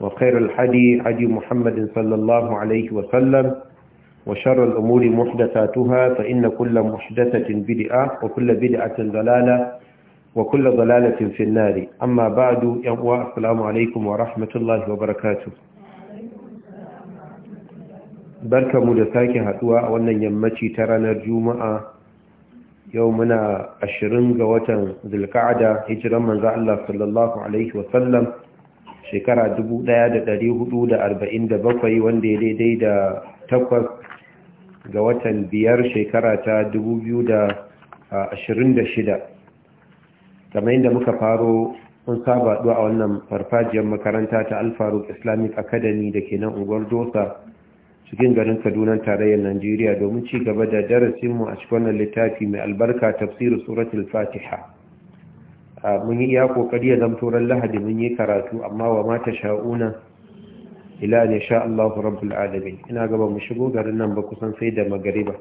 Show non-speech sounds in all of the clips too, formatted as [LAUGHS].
وخير الحدي حدي محمد صلى الله عليه وسلم وشر الأمور محدثاتها فإن كل محدثة بدعة وكل بدعة ضلالة وكل ضلالة في النار أما بعد يقوى السلام عليكم ورحمة الله وبركاته barka mu da sake haduwa a wannan yammaci ta ranar juma'a yau muna ashirin ga watan zulka'ada hijiran manzo Allah sallallahu alaihi wa sallam shekara bakwai wanda ya daidai da takwas ga watan biyar shekara ta 2026 kamar yadda muka faro sun saba duwa a wannan farfajiyar makaranta ta alfaru islamic academy da ke nan unguwar dosa cikin garin kaduna tarayyar najeriya domin ci gaba da darasinmu a cikin wannan littafi mai albarka tafsirin suratul fatiha mun yi ya kokari ya zamto ran lahadi mun yi karatu amma wa mata sha'una ila ne sha Allah rabbul alamin ina gaba mu shigo garin nan ba kusan sai da magariba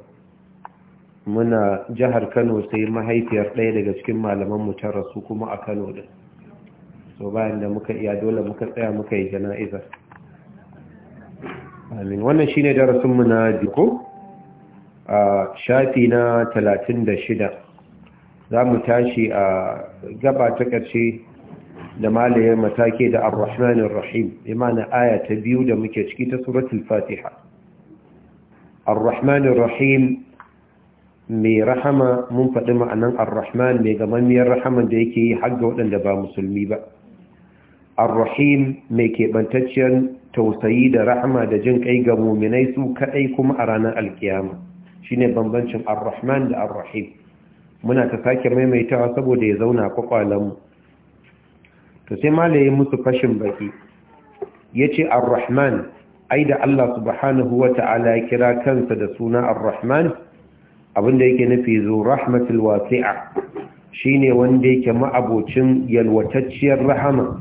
muna jihar Kano sai mahaifiyar ɗaya daga cikin malaman mu ta rasu kuma a Kano din so bayan da muka iya dole muka tsaya muka yi jana'iza amin wannan shine darasin mu na diko a shafi na 36 za mu tashi a gaba ta ƙarshe da malayar matake da ar-rahmanir rahim imana aya ta biyu da muke ciki ta suratul fatiha ar-rahmanir rahim mai rahama mun faɗi ma'anan arrahman mai gamammiyar rahaman da yake yi har ga waɗanda ba musulmi ba arrahim mai keɓantacciyar tausayi da rahama da jin kai ga muminai su kaɗai kuma a ranar alkiyama shine bambancin arrahman da arrahim muna ta sake maimaitawa saboda ya zauna kwakwalanmu to sai yi musu fashin baki ya ce ar-rahman ai da Allah subhanahu wa ta'ala ya kira kansa da suna ar-rahman abinda yake nufi zo rahmatul wasi'a shi ne wanda yake ma'abocin yalwatacciyar rahama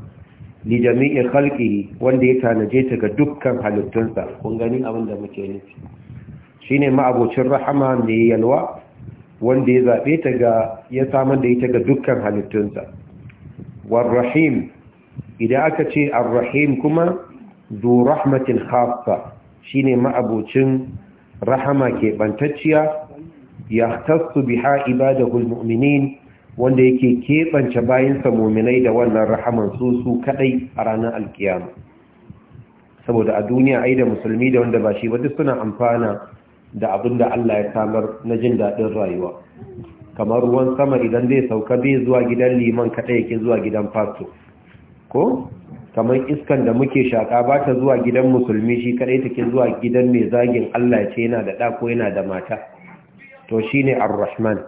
li jami'i khalqihi wanda ya tanaje ta ga dukkan halittunsa kun gani abinda muke nufi Shi ne ma'abocin rahama mai yalwa wanda ya zaɓe ta ga ya samar da ita ga dukkan halittunsa warrahim idan aka ce arrahim kuma zu rahmatin shi shine ma'abocin rahama keɓantacciya ya tasu biha ibadahul mu'minin wanda yake keɓance bayansa muminai da wannan rahaman su su kaɗai a ranar alkiyama saboda a duniya ai da musulmi da wanda ba shi ba duk suna amfana da abin da Allah ya samar na jin daɗin rayuwa kamar ruwan sama idan zai sauka bai zuwa gidan liman kaɗai yake zuwa gidan fasto ko kamar iskan da muke shaƙa ba ta zuwa gidan musulmi shi kaɗai take zuwa gidan mai zagin Allah ce yana da ɗako yana da mata to shi ne ar-rahman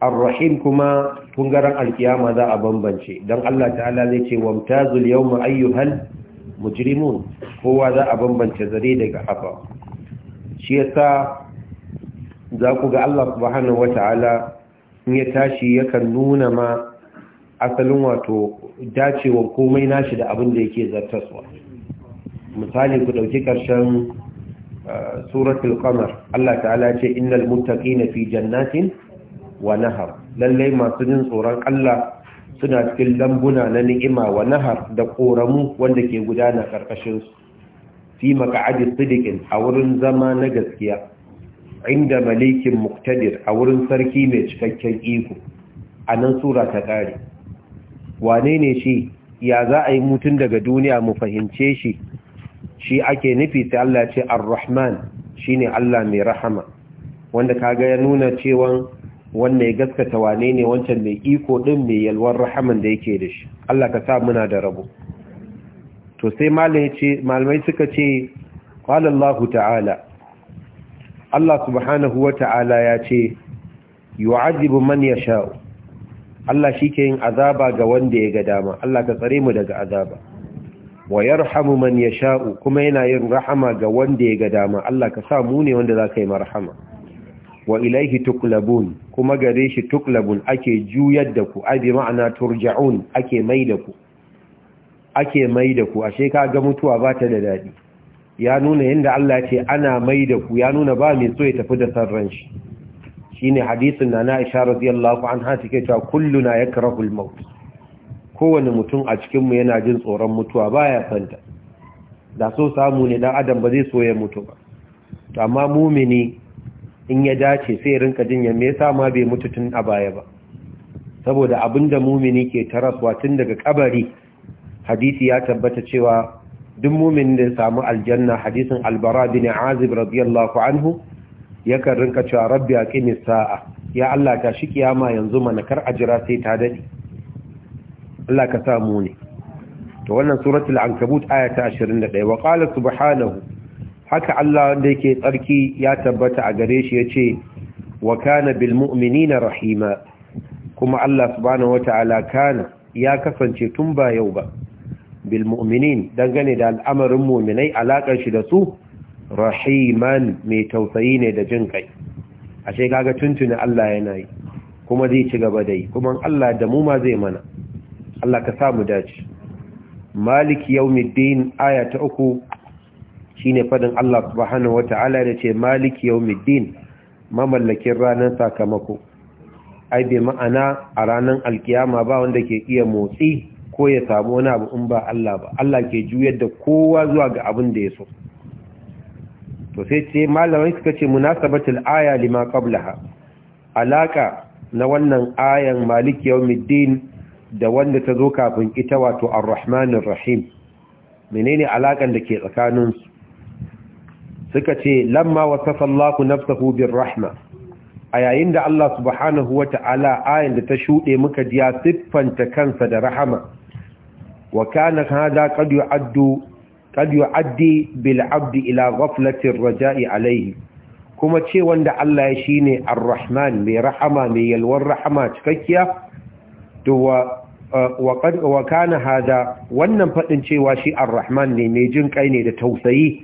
ar-rahim kuma tungaren alkiyama za a bambance don Allah ta'ala zai ce wamtazul yawma ayyuhal mujrimun kowa za a bambance zare daga haba shi yasa za ku ga Allah subhanahu wata'ala in ya tashi yakan nuna ma asalin wato dacewa komai nashi da abin da yake zartaswa misali ku dauki karshen uh, suratul qamar Allah ta'ala ce innal muttaqina fi jannatin wa nahar lalle masu jin tsoron Allah suna cikin lambuna na ni'ima wa nahar da koramu wanda ke gudana karkashin fi maka'adi sidikin a wurin zama na gaskiya inda malikin muktadir a wurin sarki mai cikakken iko a nan sura ta ƙari wane ne shi ya za a yi mutum daga duniya mu fahimce shi shi ake nufi sai Allah ce ar-rahman shi ne Allah mai rahama wanda kaga ya nuna cewan wanda ya gaskata wane ne wancan mai iko ɗin mai yalwar rahaman da yake da shi Allah ka sa muna da rabo to sai malamai suka ce ƙwalallahu ta'ala Allah subhanahu wa ta'ala ya ce yu'azibu man yasha Allah shi ke yin azaba ga wanda ya ga dama Allah ka tsare mu daga azaba wa yarhamu man yasha'u kuma yana yin rahama ga wanda ya ga dama Allah ka sa mu ne wanda za ka yi marhama wa ilaihi tuklabun kuma gare shi tuklabun ake juyar da ku ai bi ma'ana turja'un ake mai da ku ake mai da ku ashe ka ga mutuwa ba ta da daɗi ya nuna yadda Allah ce ana mai da ku ya nuna ba mai so ya tafi da sarran shi shine hadisin na na isha radiyallahu anha take cewa kulluna yakrahu al-maut kowane mutum a cikin mu yana jin tsoron mutuwa baya santa da so samu ne dan adam ba zai so ya mutu ba to amma mumini in ya dace sai rinka jin ya me yasa ma bai mutu tun a baya ba saboda abinda mumini ke taraswa tun daga kabari hadisi ya tabbata cewa duk mumin da ya samu aljanna hadisin albara bin azib radiyallahu anhu yakan rinka cewa rabbi aqimi sa'a ya Allah ta shi kiyama yanzu mana kar a jira sai ta dade Allah ka samu ne to wannan suratul ankabut aya ta 21 wa qala subhanahu haka Allah wanda yake tsarki ya tabbata a gare shi yace wa kana bil mu'minina rahima kuma Allah subhanahu wataala kana ya kasance tun ba yau ba bil mu'minin dangane da al'amarin mu'minai alakar shi da su rahiman mai tausayi ne da jin kai ashe kaga tuntuni Allah yana yi kuma zai ci gaba da yi kuma Allah da mu ma zai mana Allah ka samu dace maliki yawmiddin aya ta uku shine faɗin Allah subhanahu wataala da ce maliki yawmiddin mamallakin ranar sakamako ai bai ma'ana a ranar alkiyama ba wanda ke iya motsi ko ya samu wani abu in ba Allah ba Allah ke juyar da kowa zuwa ga abin da ya so to sai ce malamai suka ce munasabatul aya lima qablaha alaka na wannan ayan maliki yawmiddin da wanda ta zo kafin ita wato ar rahim menene alakan da ke tsakanin su suka ce lamma wasafa Allah nafsuhu bir rahma a yayin da Allah subhanahu wata'ala ayan da ta shuɗe muka ji ya siffanta kansa da rahama وكان هذا قد يعد قد يعدي بالعبد إلى غفلة الرجاء عليه kuma ce wanda Allah ya shi ne ar-Rahman mai rahama mai yalwar rahama cikakkiya to wa uh, wa hada wannan fadin cewa shi ar-Rahman ne mai jin kai ne da tausayi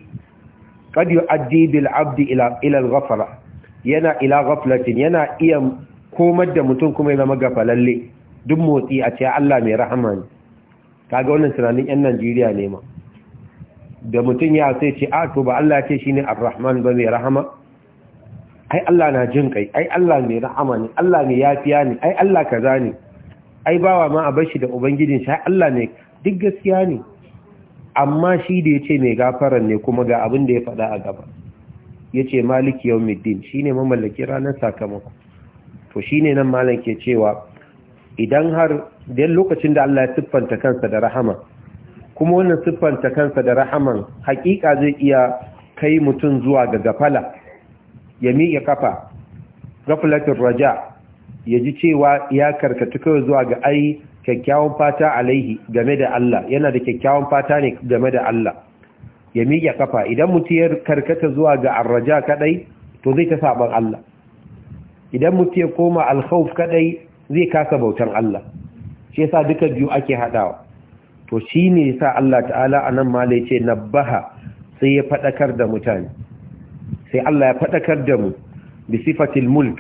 kad yu'addi bil abdi ila ila al-ghafara yana ila ghaflatin yana iya komar da mutum kuma ya zama gafalalle duk motsi a ce Allah mai rahama ne kaga wannan tunanin yan Najeriya ne ma da mutum ya sai ce a to ba Allah ce shine Ar-Rahman ba mai rahama ai Allah na jin kai ai Allah mai rahama ne Allah mai yafiya ne ai Allah kaza ne ai bawa ma a bar shi da ubangijin shi Allah ne duk gaskiya ne amma shi da yace mai gafaran ne kuma ga abin da ya faɗa a gaba yace maliki yawmiddin shine mamallakin ranar sakamako to shine nan malam ke cewa idan har dan lokacin da Allah ya siffanta kansa da rahama kuma wannan siffanta kansa da rahaman hakika zai iya kai mutum zuwa ga gafala ya miƙe kafa gafalatin raja ya ji cewa ya karkatu kawai zuwa ga ai kyakkyawan fata alaihi game da Allah yana da kyakkyawan fata ne game da Allah ya miƙe kafa idan mutum ya karkata zuwa ga arraja kadai to zai ta saban Allah idan mutum ya koma alkhawf kadai zai kasa bautan Allah shi yasa duka biyu ake hadawa to shine yasa Allah ta'ala anan ma lai ce nabbaha sai ya fadakar da mutane sai Allah ya fadakar da mu bi sifatil mulk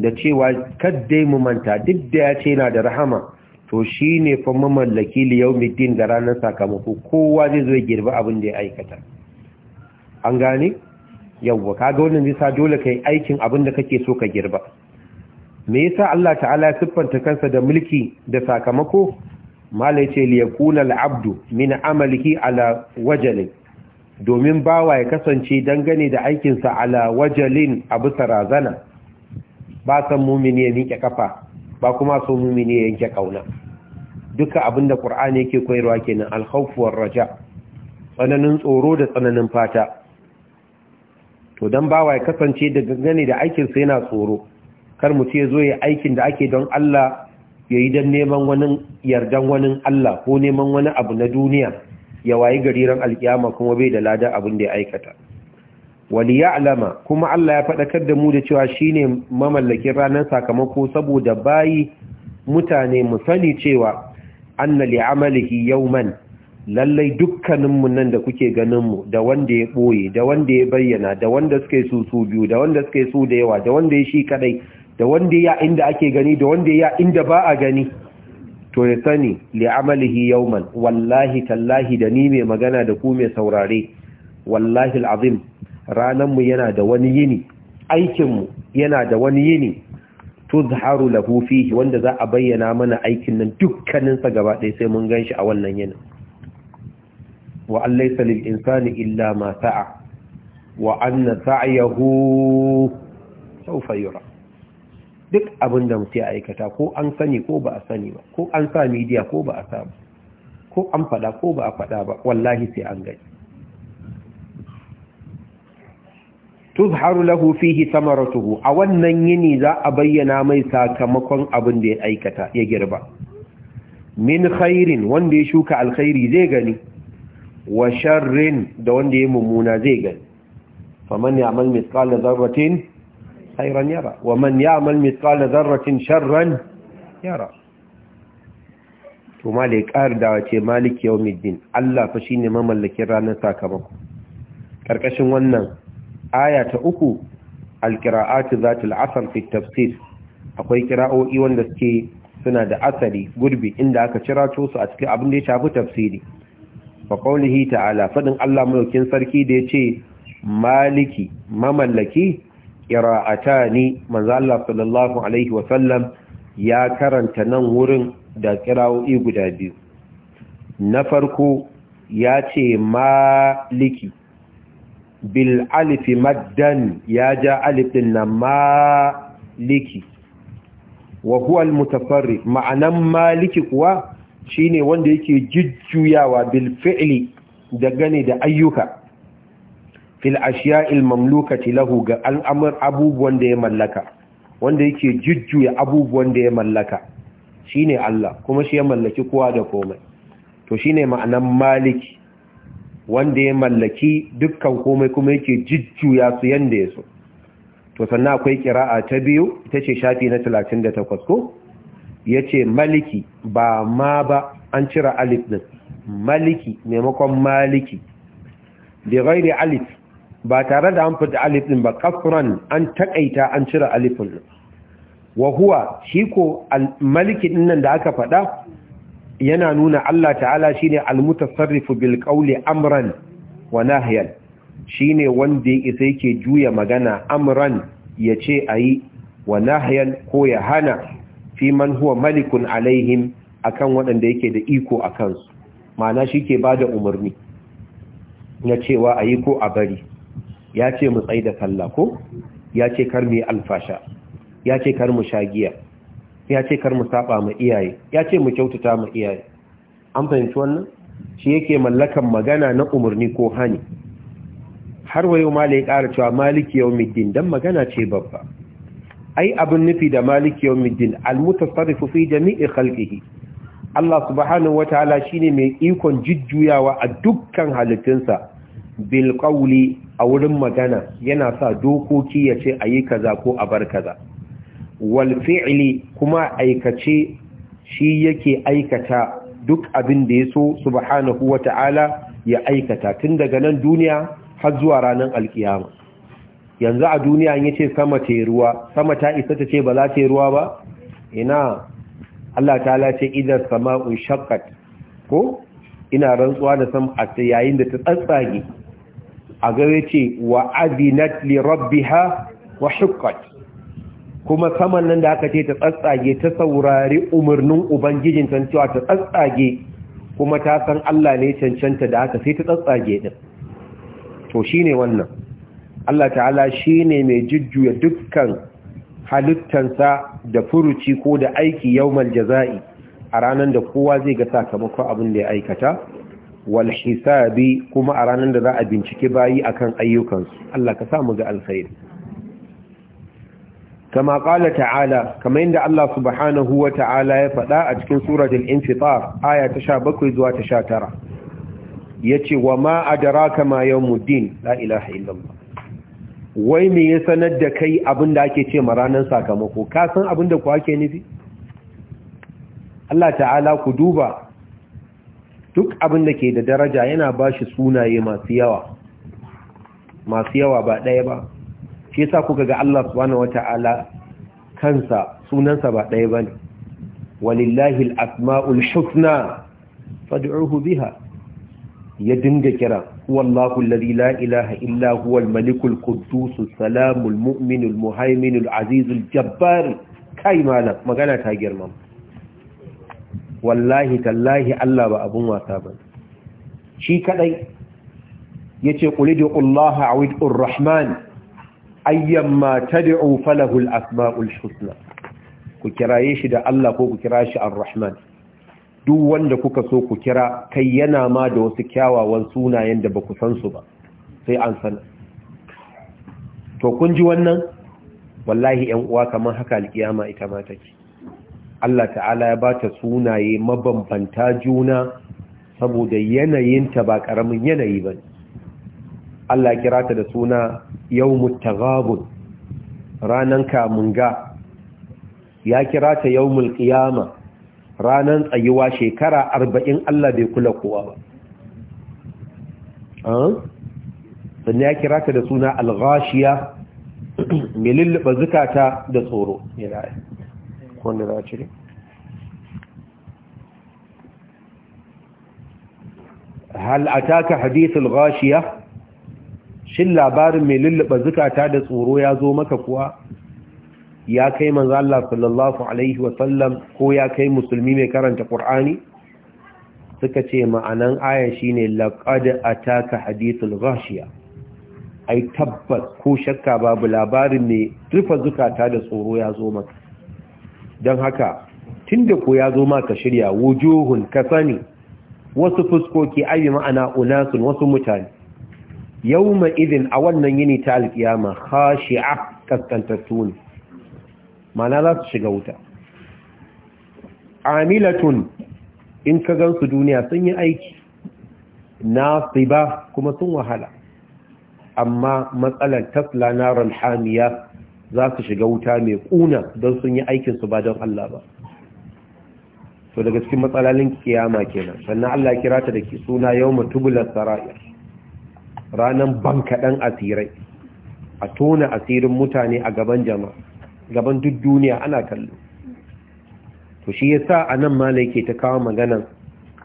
da cewa kadda mu manta duk da ya ce yana da rahama to shine fa mamallaki li yawmiddin da ranar sakamako kowa zai zo ya girba abin da ya aikata an gane yawwa kaga wannan zai sa dole kai aikin abin da kake so ka girba me yasa Allah ta'ala Ya siffanta kansa da mulki da sakamako mala ce liyakuna al'abdu min amalihi ala wajalin domin bawa ya kasance dangane da aikinsa ala wajalin a bisa razana ba san mumini ya miƙe kafa ba kuma so mumini ya yanke kauna duka abinda qur'ani yake koyarwa kenan al-khawf raja tsananin tsoro da tsananin fata to dan bawa ya kasance da aikin da aikinsa yana tsoro kar mu ce zo ya aikin da ake don Allah ya yi don neman wani yardan wani Allah ko neman wani abu na duniya ya wayi gariran alkiyama kuma bai da lada abin da ya aikata wali ya alama kuma Allah ya faɗakar da mu da cewa shine mamallakin ranar sakamako saboda bayi mutane mu sani cewa anna li amalihi yawman lallai dukkaninmu nan da kuke ganin mu da wanda ya ɓoye da wanda ya bayyana da wanda suke su su biyu da wanda suke su da yawa da wanda ya shi kadai da wanda ya inda ake gani da wanda ya inda ba a gani to ya sani li amalihi yawman wallahi tallahi da ni mai magana da ku mai saurare wallahi alazim ranan mu yana da wani yini aikin mu yana da wani yini tuzharu lahu fihi wanda za a bayyana mana aikin nan dukkanin sa gaba ɗaya sai mun ganshi a wannan yinin wa allaysa lil insani illa ma sa'a wa anna sa'yahu sawfa yura duk abin da mutum ya aikata ko an sani ko ba a sani ba ko an sa midiya ko ba a sa ba ko an faɗa ko ba a faɗa ba wallahi sai an gani tuzharu lahu fihi samaratuhu a wannan yini za a bayyana mai sakamakon abin da ya aikata ya girba min khairin wanda ya shuka alkhairi zai gani wa sharrin da wanda ya mummuna zai gani faman ya'mal mithqala dharratin khairan yara wa man ya'mal zarracin dharratin sharran yara to malik ardawa ce malik yawmiddin Allah fa shine mamallakin ranar sakamako karkashin wannan aya ta uku alqira'atu zatul asr fi tafsir akwai kira'o'i wanda suke suna da asali gurbi inda aka cirato su a cikin abin da ya shafi tafsiri fa qawlihi ta'ala fadin Allah mulkin sarki da yace maliki mamallaki qira'atani manzo Allah sallallahu alaihi wasallam ya karanta nan wurin da qira'o'i guda biyu na farko ya ce maliki bil alif maddan ya ja alif ɗin na maliki wa huwa al ma'anan maliki kuwa shine wanda yake jujjuyawa bil fi'li da gane da ayyuka fil ashiya'il mamlukati lahu ga al'amur abubuwan da ya mallaka wanda yake jujjuya abubuwan da ya mallaka shine Allah kuma shi ya mallaki kowa da komai to shine ma'anan maliki wanda ya mallaki dukkan komai kuma yake jujjuya su yanda ya so to sannan akwai kira'a ta biyu ita ce shafi na talatin da 38 ko Ya ce maliki ba ma ba an cira alif din maliki maimakon maliki bi ghairi alif ba tare da an fita alif din ba kafran an takaita an cire alifin wa huwa shi ko maliki din nan da aka faɗa yana nuna Allah ta'ala shine al-mutasarrifu bil qawli amran wa nahyan shine wanda isa yake juya magana amran ya yace ayi wa nahyan ko ya hana fi man huwa malikun alaihim akan waɗanda yake da iko a kansu ma'ana shi ke ba umarni na cewa a yi ko a bari ya ce mu tsaye da sallah ko ya ce kar mu yi alfasha ya ce kar mu shagiya ya ce kar mu saba ma iyaye ya ce mu kyautata ma iyaye an fahimci wannan shi yake mallakan magana na umarni ko hani har wayo mala ya ƙara cewa maliki yawmiddin dan magana ce babba ai abin nufi da maliki yawmiddin almutasarrifu fi jami'i khalqihi Allah subhanahu wataala shine mai ikon jujjuyawa a dukkan halittunsa bil qawli a wurin magana yana sa dokoki ya ce a yi kaza ko a bar kaza wal kuma aikace shi yake aikata duk abin da ya so subhanahu wa ta'ala ya aikata tun daga nan duniya har zuwa ranar alkiyama yanzu a duniya ya ce sama ta yi ruwa sama ta isa ta ce ba za ta yi ruwa ba ina Allah ta ce idan sama'un shakkat ko ina rantsuwa da sama a yayin da ta tsatsage a gare ce wa adinat li rabbiha wa kuma saman nan da aka ce ta tsatsage ta saurari umarnin ubangijin ta cewa ta tsatsage kuma ta san Allah ne cancanta da aka sai ta tsatsage din to shine wannan Allah ta'ala shine mai jujjuya dukkan halittansa da furuci ko da aiki yawmal jaza'i a ranar da kowa zai ga sakamakon abin da ya aikata Walhisabi, kuma a ranar da za a bincike bayi akan ayyukansu Allah ka samu ga alkhairi kama qala ta'ala kama inda Allah subhanahu wa ta'ala ya faɗa a cikin suratul infitar aya ta 17 zuwa ta 19 yace wa ma adraka ma yawmuddin la ilaha illallah wai me ya sanar da kai abinda ake ce ma ranar sakamako ka san abinda ku ake nufi Allah ta'ala ku duba duk abin da ke da daraja yana ba shi sunaye masu yawa masu yawa ba ɗaya ba shi sa kuka ga Allah subhanahu wata'ala kansa sunansa ba ɗaya ba ne walillahi al'asma'ul asmaul husna fad'uhu biha ya dinga kira wallahu alladhi la ilaha illa huwa al-malikul quddus salamul mu'minul muhaiminul azizul jabbar kai malam magana ta girmama wallahi tallahi Allah ba abun wasa ba shi kadai yace qulidu qullaha awidur rahman ayyamma tad'u falahu al-asmaul husna ku kiraye shi da Allah ko ku kira shi ar-rahman duk wanda kuka so ku kira kai yana ma da wasu kyawawan sunayen da baku san su ba sai an san to kun ji wannan wallahi 'yan uwa kamar haka alkiyama ita ma take Allah ta'ala ya bata sunaye mabambanta juna saboda yanayinta ba karamin yanayi ba Allah kira ta da suna yawmut taghabun ranan kamunga ya kira ta yawmul qiyama ranan tsayuwa shekara 40 Allah bai kula kowa ba sannan ya kira ta da suna al-ghashiya [CLEARS THROAT] mai zukata da tsoro wanda za a cire hal ataka hadithul ghashiya shin labarin mai lulluɓa zukata da tsoro ya zo maka kuwa ya kai manzo Allah sallallahu alaihi sallam ko ya kai musulmi mai karanta Qur'ani suka ce ma'anan aya shine laqad ataka hadithul ghashiya ai tabbas ko shakka babu labarin mai rufa zukata da tsoro ya zo maka don haka tunda da ya zo ma ka shirya wujuhun ka sani wasu fuskoki ayi ma'ana unasun wasu mutane Yau mai idin a wannan yini ta alkiyama a kaskantattu ne mana za su shiga wuta amilatun in ka gansu duniya sun yi aiki Na ba kuma sun wahala amma matsalar tasla na hamiya za su shiga wuta mai kuna don sun yi aikinsu ba don Allah ba To daga cikin matsalalin kiyama kenan sannan Allah kira ta da ke suna yau mutubular sara'ir ranar bankaɗen asirai a tona asirin mutane a gaban jama'a gaban duk duniya ana kallo to shi ya sa a nan mala yake ta kawo magana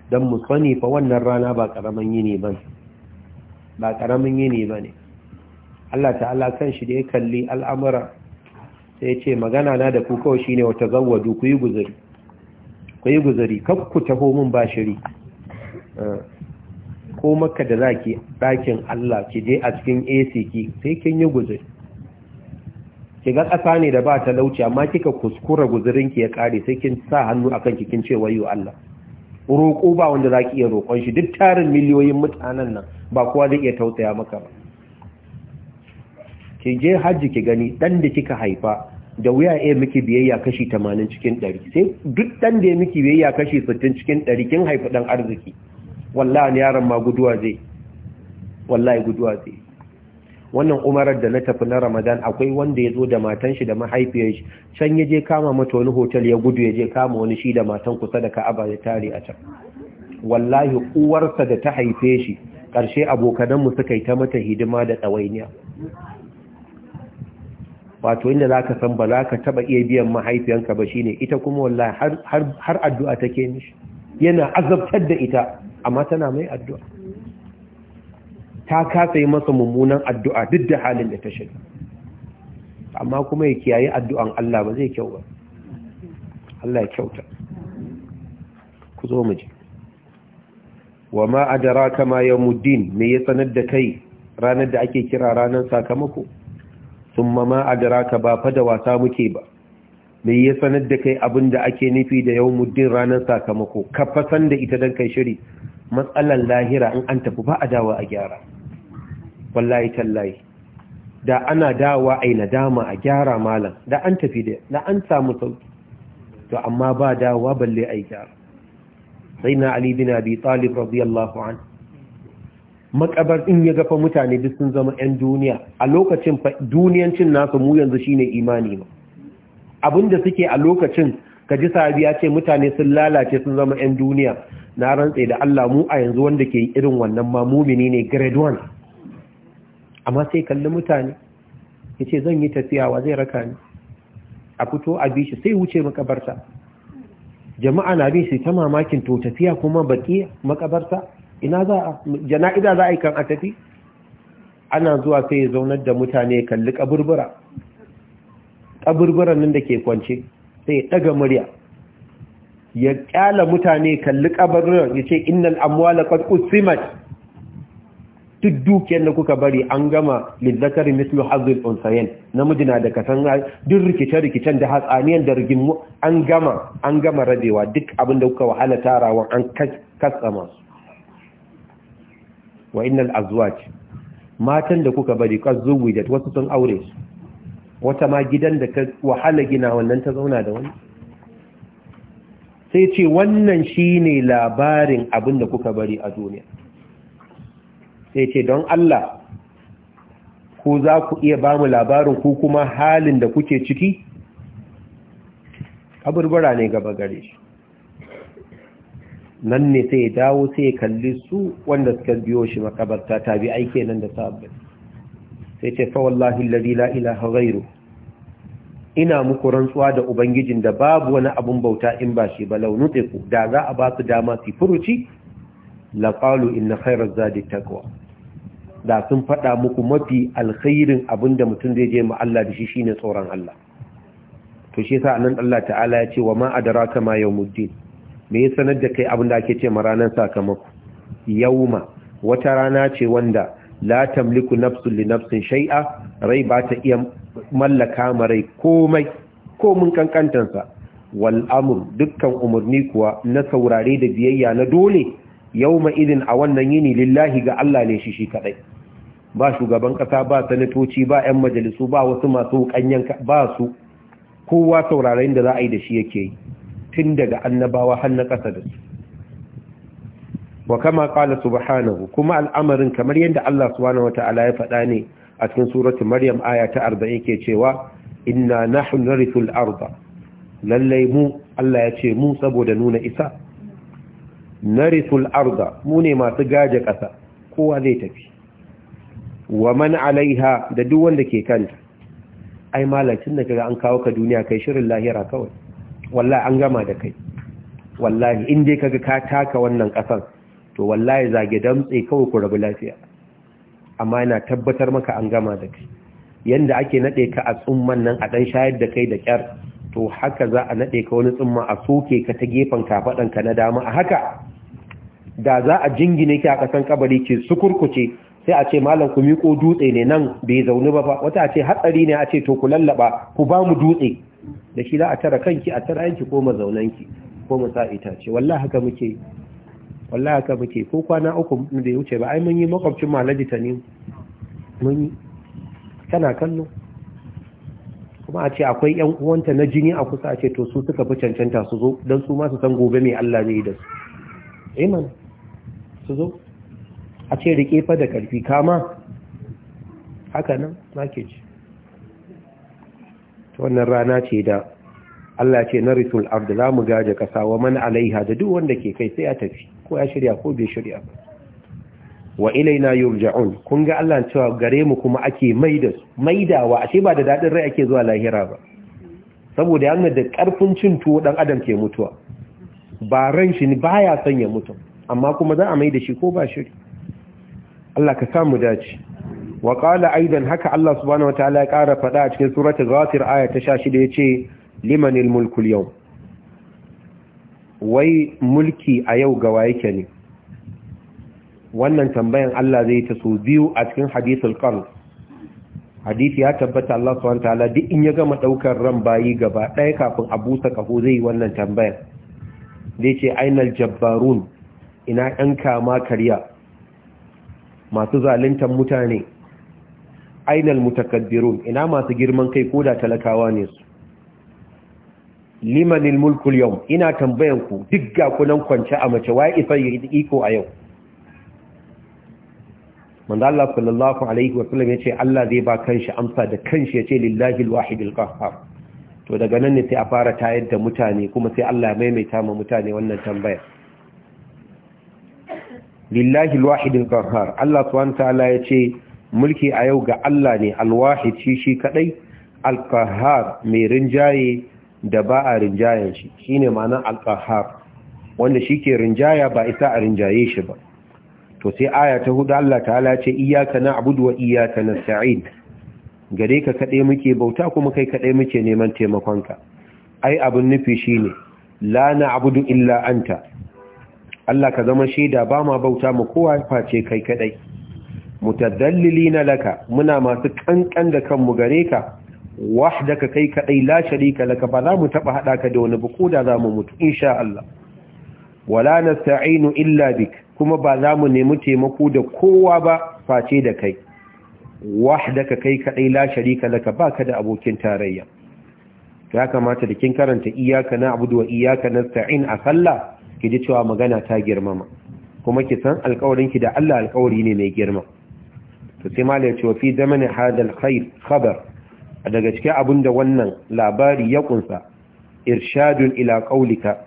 don mu sani fa wannan rana ba ƙaramin yini ba ba ƙaramin yini ba ne Allah ta'ala kan shi da ya kalli al'amura sai ce magana na da kuka shi ne wata zawadu, ku yi guzuri ku yi guzuri kar ku eh. ko maka da ki ɗakin Allah ki je a cikin AC sai kin yi guzuri ki ga ƙasa ne da ba ta lauci, amma kika kuskura guzurin ya ƙare, sai kin sa hannu akan ki kin ce wayo Allah roƙo ba wanda za ki iya roƙon shi duk tarin miliyoyin mutanen nan ba kowa zai iya tausaya maka ba ki je hajji ki gani dan da kika haifa da wuya ya miki biyayya kashi 80 cikin 100 sai duk dan da ya miki biyayya kashi 60 cikin 100 kin haifa dan arziki wallahi yaron ma guduwa zai wallahi guduwa zai wannan umarar da na tafi na ramadan akwai wanda ya zo da matan shi da mahaifiyar shi can ya je kama mata wani hotel ya gudu ya je kama wani shi da matan kusa da ka'aba ya tare a can wallahi uwarsa da ta haife shi ƙarshe mu suka yi ta mata hidima da ɗawainiya wato inda za ka san ba za ka taba iya biyan mahaifiyanka ba shine ita kuma wallahi har addu'a take nishi yana azabtar da ita amma tana mai addu'a ta kasa yi masa mummunan addu'a duk da halin da ta shiga amma kuma ya kiyaye addu'an Allah ba zai kyau ba Allah ya kyauta ku zo mu ji wa ma adraka ma yawmuddin me ya sanar da kai ranar da ake kira ranar sakamako thumma ma adraka ba fa da wasa muke ba me ya sanar da kai abin da ake nufi da muddin ranar sakamako ka fasan da ita dan kai shiri matsalar lahira in an tafi ba a dawa a gyara wallahi tallahi da ana dawa yi nadama a gyara malam da an tafi da an samu sauki to amma ba dawa balle yi gyara sai na ali bin abi talib radiyallahu anhu makabar din ya gafa mutane duk sun zama 'yan duniya a lokacin duniyancin nasu mu yanzu shine imani ma da suke a lokacin ka ji sahabi ya ce mutane sun lalace sun zama 'yan duniya na rantse da Allah mu a yanzu wanda ke irin wannan ma mumini ne grade 1 amma sai kalli mutane ya ce zan yi tafiya zai raka ni a fito a bishi sai wuce makabarta jama'a na bishi ta mamakin to tafiya kuma baki makabarta ina za a jana'iza za a yi kan a tafi ana zuwa sai ya zaunar da mutane kalli kaburbura kaburburan nan da ke kwance sai ya daga murya ya kyala mutane kalli kaburburan ya ce innal amwala qad simat. duk dukiyar da kuka bari an gama lizzakari mislu hazil unsayen namiji na da kasan duk rikice-rikicen da hatsaniyar da rigimu an gama an gama rabewa duk abin da kuka wahala tarawa an katsama su wa innal azwaj matan da kuka bari qazzuwi da wasu sun aure su wata ma gidan da ka wahala gina wannan ta zauna da wani sai ce wannan shine labarin abin da kuka bari a duniya sai ce don Allah ko za ku iya ba mu labarin ku kuma halin da kuke ciki kaburbura ne gaba gare shi nan ne sai ya dawo sai ya kalli su wanda suka biyo shi makabarta ta bi aike nan da sabbin sai ce fa wallahi alladhi la ilaha ghairu ina muku rantsuwa da ubangijin da babu wani abun bauta in ba shi ba launute ku da za a ba su dama su furuci la qalu inna khayra zadi taqwa da sun faɗa muku mafi alkhairin abinda mutum zai je ma Allah da shi shine tsoron Allah to shi yasa nan Allah ta'ala ya ce wa ma adraka ma yawmuddin me ya sanar da kai abin da ake ce ma ranar sakamako yauma wata rana ce wanda la tamliku nafsun li nafsin shay'a rai ba ta iya mallaka ma rai komai ko mun kankantansa wal amr dukkan umurni kuwa na saurare da biyayya na dole yauma idin a wannan yini lillahi ga Allah ne shi shi kadai ba shugaban kasa ba sanatoci ba yan majalisu ba wasu masu kanyen ba su kowa sauraren da za a yi da shi yake yi tun daga annabawa har na ƙasa da su wa kama qala subhanahu kuma al'amarin kamar yadda Allah subhanahu wata'ala ya faɗa ne a cikin suratu maryam aya ta Arba'in ke cewa inna nahnu narithul arda lallai mu Allah ya ce mu saboda nuna isa narithul arda mu ne masu gaje ƙasa kowa zai tafi wa man alaiha da duk wanda ke kanta ai malakin da kaga an kawo ka duniya kai shirin lahira kawai wallahi an gama da kai wallahi in dai kaga ka taka wannan kasan to wallahi zage damtse kawai ku rabu lafiya amma ina tabbatar maka an gama da kai yanda ake nade ka a tsumman nan a dan shayar da kai da kyar to haka za a nade ka wani tsumma a soke ka ta gefen kafadan ka na dama a haka da za a jingine ki a kasan kabari ki sukurkuce sai a ce malam ku miko dutse ne nan bai zaune ba wata a ce hatsari ne a ce to ku lallaba ku ba mu dutse da shi za a tara kanki a tara yanki ko mazaunanki ko masa itace wallahi haka muke wallahi haka muke ko kwana uku da ya wuce ba ai mun yi makwabcin malaji ta ne mun yi tana kallo kuma a ce akwai yan uwanta na jini a kusa a ce to su suka fi cancanta su zo don su ma su san gobe mai Allah ne yi da su iman eh su zo a ce rike fa da karfi kama haka nan na ke ci wannan rana ce da Allah ce na risul Abdu za mu gaje kasa wa man alaiha da duk wanda ke kai sai ya tafi ko ya shirya ko bai shirya ba wa ilaina yurja'un kun ga Allah cewa gare mu kuma ake maida maidawa ashe ba da dadin rai ake zuwa lahira ba saboda yana da karfin cin tuwo dan adam ke mutuwa ba ran shi ne baya son ya mutu amma kuma za a maida shi ko ba shiri Allah ka samu dace wa qala aidan haka Allah subhanahu wataala ya kara faɗa a cikin surati ghafir aya ta 16 yace limanil mulku al-yawm wai mulki a yau gawa yake ne wannan tambayan Allah zai ta so biyu a cikin hadithul qarn hadisi ya tabbata Allah subhanahu wataala duk in ya gama daukar ran bayi gaba ɗaya kafin a busa kaho zai wannan tambayan zai ce ainal jabbarun ina 'yan kama karya masu zaluntar mutane ainal mutakabbirun ina masu girman kai ko da talakawa ne su limanil mulkul yau ina tambayan ku duk ga kunan kwance a mace wa ifa iko a yau manzo Allah sallallahu alaihi wa sallam yace Allah zai ba kanshi amsa da kanshi yace lillahi alwahidil qahhar to daga nan ne sai a fara tayar da mutane kuma sai Allah maimaita ma mutane wannan tambaya lillahi alwahidil qahhar Allah subhanahu wa ta'ala yace mulki a yau ga Allah ne alwahid shi shi kadai alqahar mai rinjaye da ba a rinjayen shi shine ma'anar alqahar wanda shi ke rinjaya ba isa a rinjaye shi ba to sai aya ta hudu Allah ta'ala ce iyyaka na'budu wa iyyaka nasta'in gare ka kadai muke bauta kuma kai kadai muke neman taimakonka ai abin nufi shine la na'budu illa anta Allah ka zama shaida ba ma bauta mu kowa face kai kadai na laka muna masu kankan da kanmu gare ka wahdaka kai kadai la sharika laka ba za mu taba hada ka da wani buku da za mutu insha Allah wala nasta'inu illa bik kuma ba za mu nemi taimako da kowa ba face da kai wahdaka kai kadai la sharika laka baka da abokin tarayya ya kamata da kin karanta iyyaka na'budu wa iyyaka nasta'in a sallah ji cewa magana ta girmama kuma ki san alƙawarin ki da Allah alƙawari ne mai girma to sai ce wa fi zamani hadal khair khabar daga cikin abin da wannan labari ya kunsa irshadun ila qaulika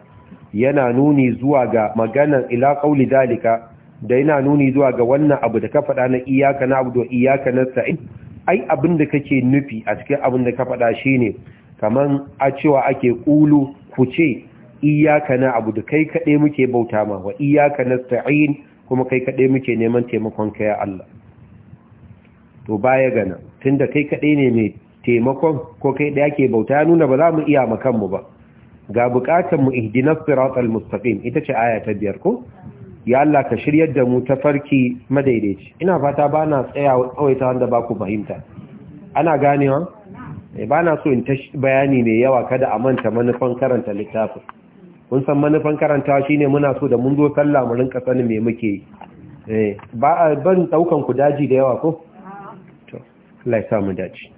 yana nuni zuwa ga maganar ila qauli dalika da yana nuni zuwa ga wannan abu da ka faɗa na iyaka na abu da iyaka na sa'in ai abin da kake nufi a cikin abin da ka faɗa shine kaman a cewa ake ƙulu ku ce iyaka na abu da kai kaɗai muke bauta ma wa iyaka na sa'in kuma kai kaɗai muke neman taimakon kaya ya Allah to baya gana tunda kai kaɗai ne mai taimakon ko kai ɗaya ke bauta ya nuna ba za mu iya makanmu ba ga buƙatar mu na siratal mustaqim ita ce aya ta biyar ko ya Allah ka shiryar da mu ta farki madaidaici ina fata ba na tsaya ta wanda ba ku fahimta ana ganewa eh, ba na so in ta bayani mai yawa kada a manta manufan karanta littafin kun san manufan karanta shine muna so da mun zo sallah mu rinka sanin me muke yi eh, ba ban daukan ku daji da yawa ko Allah ya sa mu dace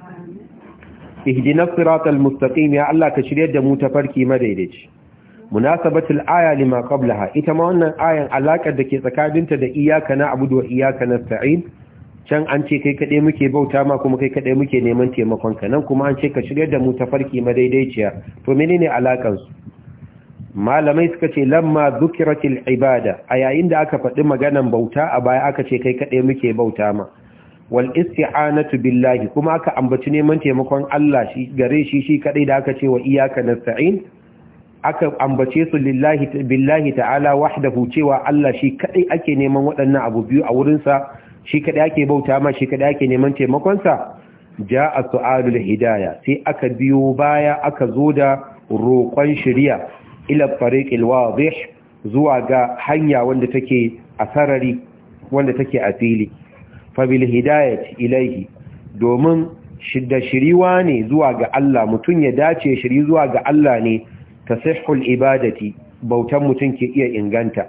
ihdinas siratal mustaqim ya Allah ka shiryar da mu tafarki madaidaici munasabatul aya lima qablaha ita ma wannan ayan alakar da ke tsakaninta da iyyaka na'budu wa iyyaka nasta'in can an ce kai kade muke bauta ma kuma kai kade muke neman taimakonka nan kuma an ce ka shirye da mu tafarki madaidaiciya to menene su malamai suka ce lamma zukiratil ibada a yayin da aka faɗi maganan bauta a baya aka ce kai kaɗai muke bauta ma wal isti'anatu billahi kuma aka ambaci neman taimakon Allah shi gare shi shi kadai da aka ce wa iyyaka nasta'in aka ambace su lillahi billahi ta'ala wahdahu cewa Allah shi kadai ake neman waɗannan abu biyu a wurin sa shi kadai ake bauta ma shi kadai ake neman taimakon sa ja'a su'alul hidaya, sai aka biyo baya aka zo da roƙon shari'a ila tariqil wadih zuwa ga hanya wanda take a sarari wanda take a fili fabil hidayat ilaihi domin da shiriwa ne zuwa ga Allah mutum ya dace shiri zuwa ga Allah ne tasihhul ibadati bautan mutum ke iya inganta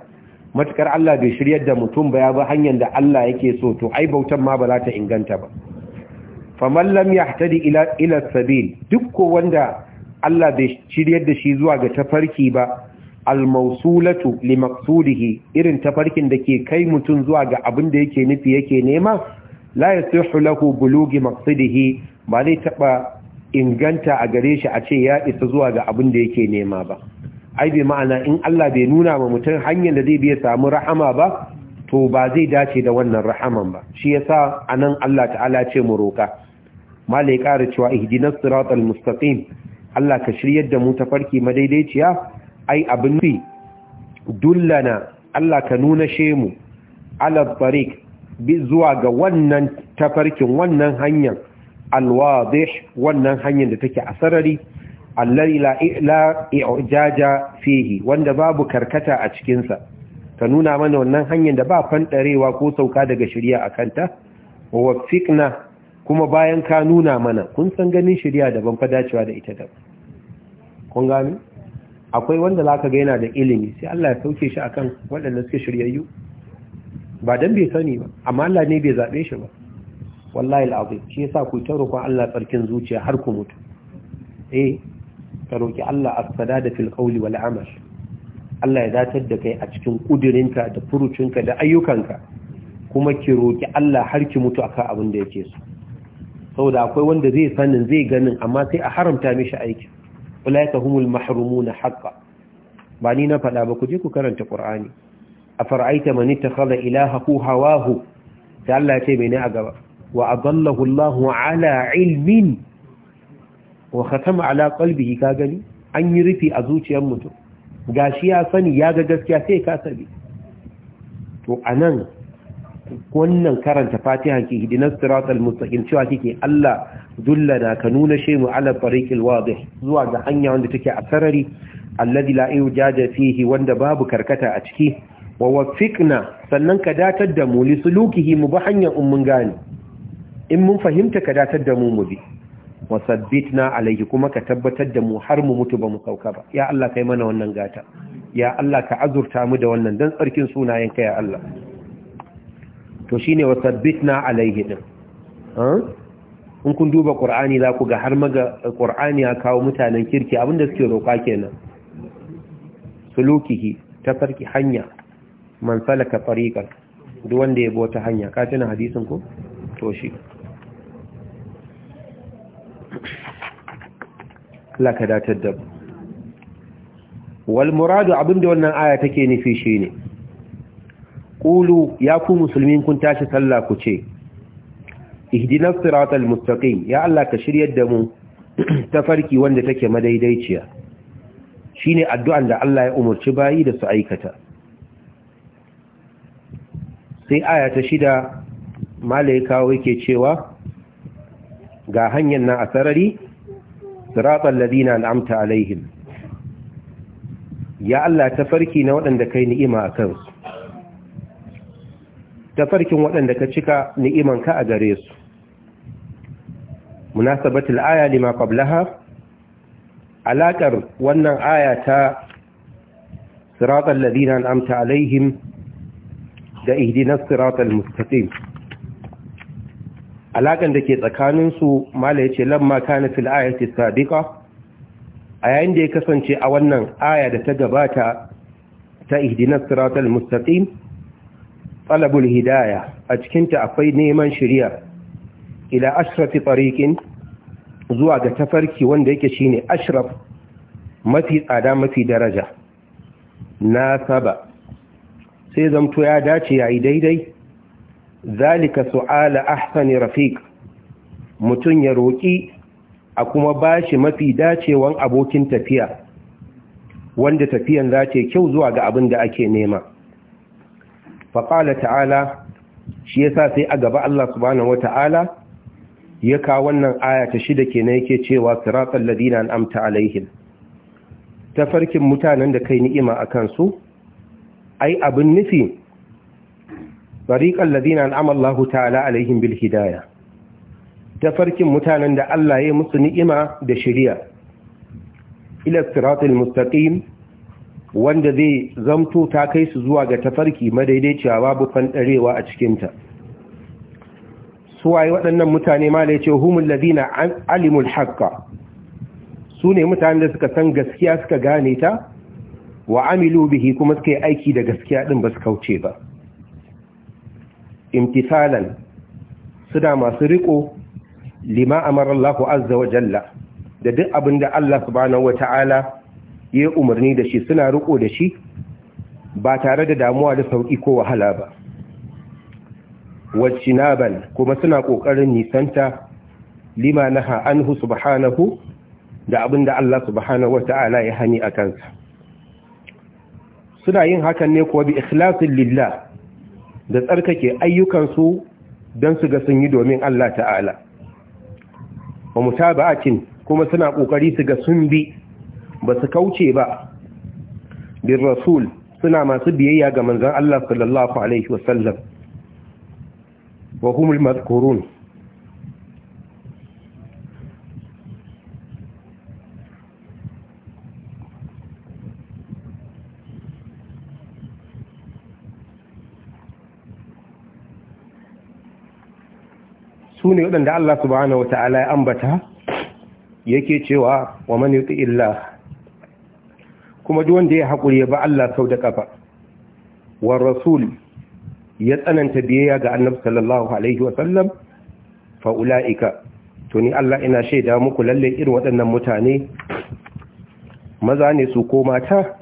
matukar Allah bai shiryar da mutum ba ya ba hanyar da Allah yake so to ai bautan ma ba za ta inganta ba faman lam yahtadi ila ila sabil duk ko wanda Allah bai shiryar da shi zuwa ga tafarki ba almausulatu li maqsudihi irin tafarkin da ke kai mutum zuwa ga abin da yake nufi yake nema la yasihu lahu bulugi maqsidihi ba zai taba inganta a gare shi a ce ya isa zuwa ga abin da yake nema ba ai bai ma'ana in Allah bai nuna ma mutum hanyar da zai bi ya samu rahama ba to ba zai dace da wannan rahaman ba shi yasa anan Allah ta'ala ce mu roka ya ƙara cewa ihdinas siratal mustaqim Allah ka shiryar da mu tafarki madaidaiciya ai abin nufi dullana Allah ka nuna shemu ala tariq bi zuwa ga wannan tafarkin wannan hanyar alwadih wannan hanyar da take a sarari allari la ijaja fihi wanda babu karkata a cikinsa ka nuna mana wannan hanyar da ba fanɗarewa ko sauka daga shirya a kanta fikna. kuma bayan ka nuna mana kun san ganin shirya daban fadacewa da ita daban kun gani akwai wanda za ka ga yana da ilimi sai Allah ya sauke shi akan waɗanda suke shiryayyu ba dan bai sani ba amma Allah ne bai zaɓe shi ba wallahi al'azim shi yasa ku ta roƙon Allah tsarkin zuciya har ku mutu eh ka roƙi Allah a sadada da qawli wal amal Allah ya datar da kai a cikin kudirinka da furucinka da ayyukanka kuma ki roƙi Allah har ki mutu akan abin da yake so saboda akwai wanda zai sanin zai ganin amma sai a haramta mishi aikin ulaika humul mahrumuna haqqan ba ni na faɗa ba ku je ku karanta qur'ani afara'aita man ittakhadha ilahahu hawahu da Allah ya ce mene a gaba wa adallahu Allah ala ilmin wa khatama ala qalbihi ka gani an yi rufi a zuciyar mutum gashi ya sani ya ga gaskiya sai ka sabi to anan wannan karanta Fatiha ke hidinas siratal mustaqim cewa kike Allah dullana ka nuna shi mu ala tariqil wadih zuwa ga hanya wanda take a sarari alladhi la yujada fihi wanda babu karkata a ciki wa wafiqna sannan ka datar da mu li sulukihi mu ba hanyar ummun gani in mun fahimta ka datar da mu mu bi wa sabbitna alayhi kuma ka tabbatar da mu har mu mutu ba mu sauka ba ya Allah kai mana wannan gata ya Allah ka azurta mu da wannan dan tsarkin ka ya Allah to shine wa sabbitna alayhi din in kun duba ƙur'ani za ku ga har maga ƙur'ani ya kawo mutanen kirki abinda suke roƙa kenan sulukihi ta farki hanya man salaka tariqan duk wanda ya bi wata hanya ka tana hadisin ko to shi Allah ka tadab wal muradu abinda wannan aya take nufi shine qulu ya ku musulmin kun tashi sallah ku ce ihdina siratal mustaqim ya Allah ka shiryar da mu [CLEARS THROAT] ta farki wanda take madaidaiciya shine addu'an da Allah ya umarci bayi da su aikata sai aya ta shida malaika yake cewa ga hanyar na asarari siratal ladina an'amta alaihim ya Allah ta farki na waɗanda kai ni'ima a kansu farkin waɗanda ka cika ni'imanka a gare su munasabatul aya lima qablaha alaqar wannan aya ta siratal ladina an'amta alaihim da ihdinas siratal mustaqim alaƙan da ke tsakaninsu mala yace lamma kana fil ayati sabiqa a yayin da ya kasance a wannan aya da ta gabata ta ihdinas siratal mustaqim talabul hidaya a cikin ta akwai neman shari'a ila ashrafi tariqin zuwa ga tafarki wanda yake shine ashraf mafi tsada mafi daraja na saba sai zamto ya dace yayi daidai zalika su'ala ahsani rafiq mutun ya roki a kuma bashi mafi dacewan abokin tafiya wanda tafiyan za ta kyau zuwa ga abin da ake nema faƙala ta'ala shi yasa sai a gaba Allah subhanahu wata'ala ya kawo wannan aya ta shida kenan yake cewa siratal ladina an'amta alaihim tafarkin mutanen da kai ni'ima akan su ai abin nufi tariqal ladina an'ama Allahu ta'ala alaihim bil hidayah tafarkin mutanen da Allah ya musu ni'ima da shari'a ila siratal mustaqim wanda zai zamto ta kai su zuwa ga tafarki madaidaiciya babu fanɗarewa a cikinta ta su waye waɗannan mutane ma da ya ce humul ladina alimul haqqa su ne mutane da suka san gaskiya suka gane ta wa amilu bihi kuma suka yi aiki da gaskiya din ba su kauce ba imtisalan suna masu riko lima amara Allah azza wa jalla da duk abin da Allah subhanahu wata'ala ya umarni da shi suna riko da shi ba tare da damuwa da sauki ko wahala ba wajinaban kuma suna ƙoƙarin nisanta lima naha anhu subhanahu da abinda Allah subhanahu wata'ala ya hani a kansa suna yin hakan ne kuwa bi ikhlasin lillah da tsarkake ayyukansu don su ga sun yi domin Allah ta'ala wa mutaba'atin kuma suna kokari su ga sun bi ba su kauce ba bin rasul suna masu biyayya ga manzon Allah sallallahu alaihi wasallam wa humul mazkurun su ne waɗanda Allah subhanahu wa ta'ala ya ambata yake cewa wa mani yuti illa kuma duk wanda ya haƙuri ya ba Allah sau da ƙafa wa rasul ya tsananta biyayya ga annabi sallallahu alaihi wasallam fa ulaika to ni Allah ina shaida muku lalle irin waɗannan mutane maza ne su ko mata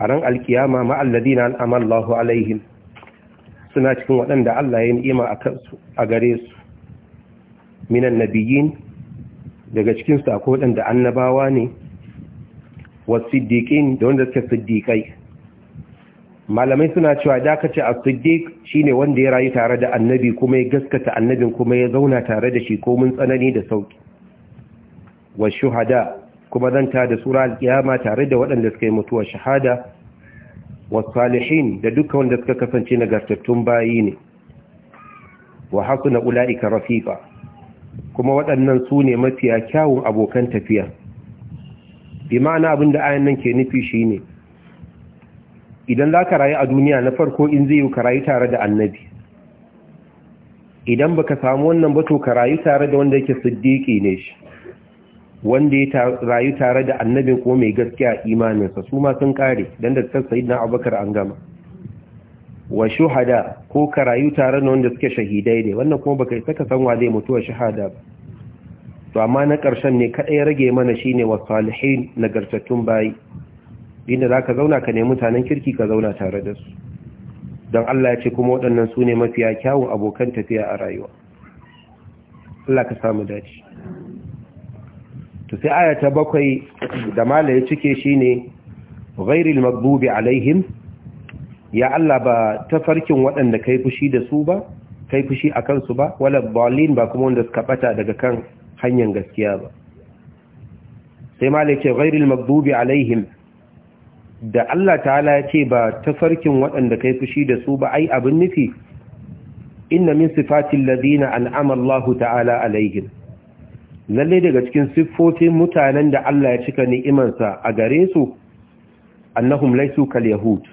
a ran alkiyama ma alladina an'ama Allahu alaihim suna cikin waɗanda Allah ya ni'ima a kansu a gare su minan nabiyyin daga cikin su akwai waɗanda annabawa ne wasiddiqin da wanda suke siddiqai malamai suna cewa da ka ce as-siddiq shine wanda ya rayu tare da annabi kuma ya gaskata annabin kuma ya zauna tare da shi komin tsanani da sauki wa shuhada kuma zanta da sura al tare da waɗanda suka yi mutuwa shahada wa salihin da dukkan wanda suka kasance nagartattun bayi ne wa hasuna ulaika rafiqa kuma waɗannan su ne mafiya kyawun abokan tafiya bi ma'ana abinda ayan nan ke nufi shine idan za ka rayu a duniya na farko in zai yi ka rayu tare da annabi idan baka samu wannan ba ka rayu tare da wanda yake Siddiki ne shi wanda ya rayu tare da annabin ko mai gaskiya imaninsa su ma sun kare dan da sayi na abokar an gama wa shuhada ko ka rayu tare da wanda suke shahidai ne wannan kuma baka isa ka san wa zai mutuwa shahada ba to amma na ƙarshen ne kadai rage mana shine wa salihin nagartattun bayi inda za ka zauna ka nemi mutanen kirki ka zauna tare da su don Allah ya ce kuma waɗannan su ne mafiya kyawun abokan tafiya a rayuwa Allah ka samu dace to sai aya ta bakwai da mala ya cike shi ne ghairil magbubi alaihim ya Allah ba ta farkin waɗanda kai fushi da su ba kai fushi a kansu ba wala balin ba kuma wanda suka ɓata daga kan hanyar gaskiya ba sai mala ya ce ghairil magbubi alaihim da Allah ta'ala ya ce ba tafarkin waɗanda kai fushi da su ba ai abin nufi inna min sifatin ladina al’amar Allah ta'ala alaihim lalle daga cikin siffofin mutanen da Allah ya cika ni'imansa a gare su annahum su kal yahud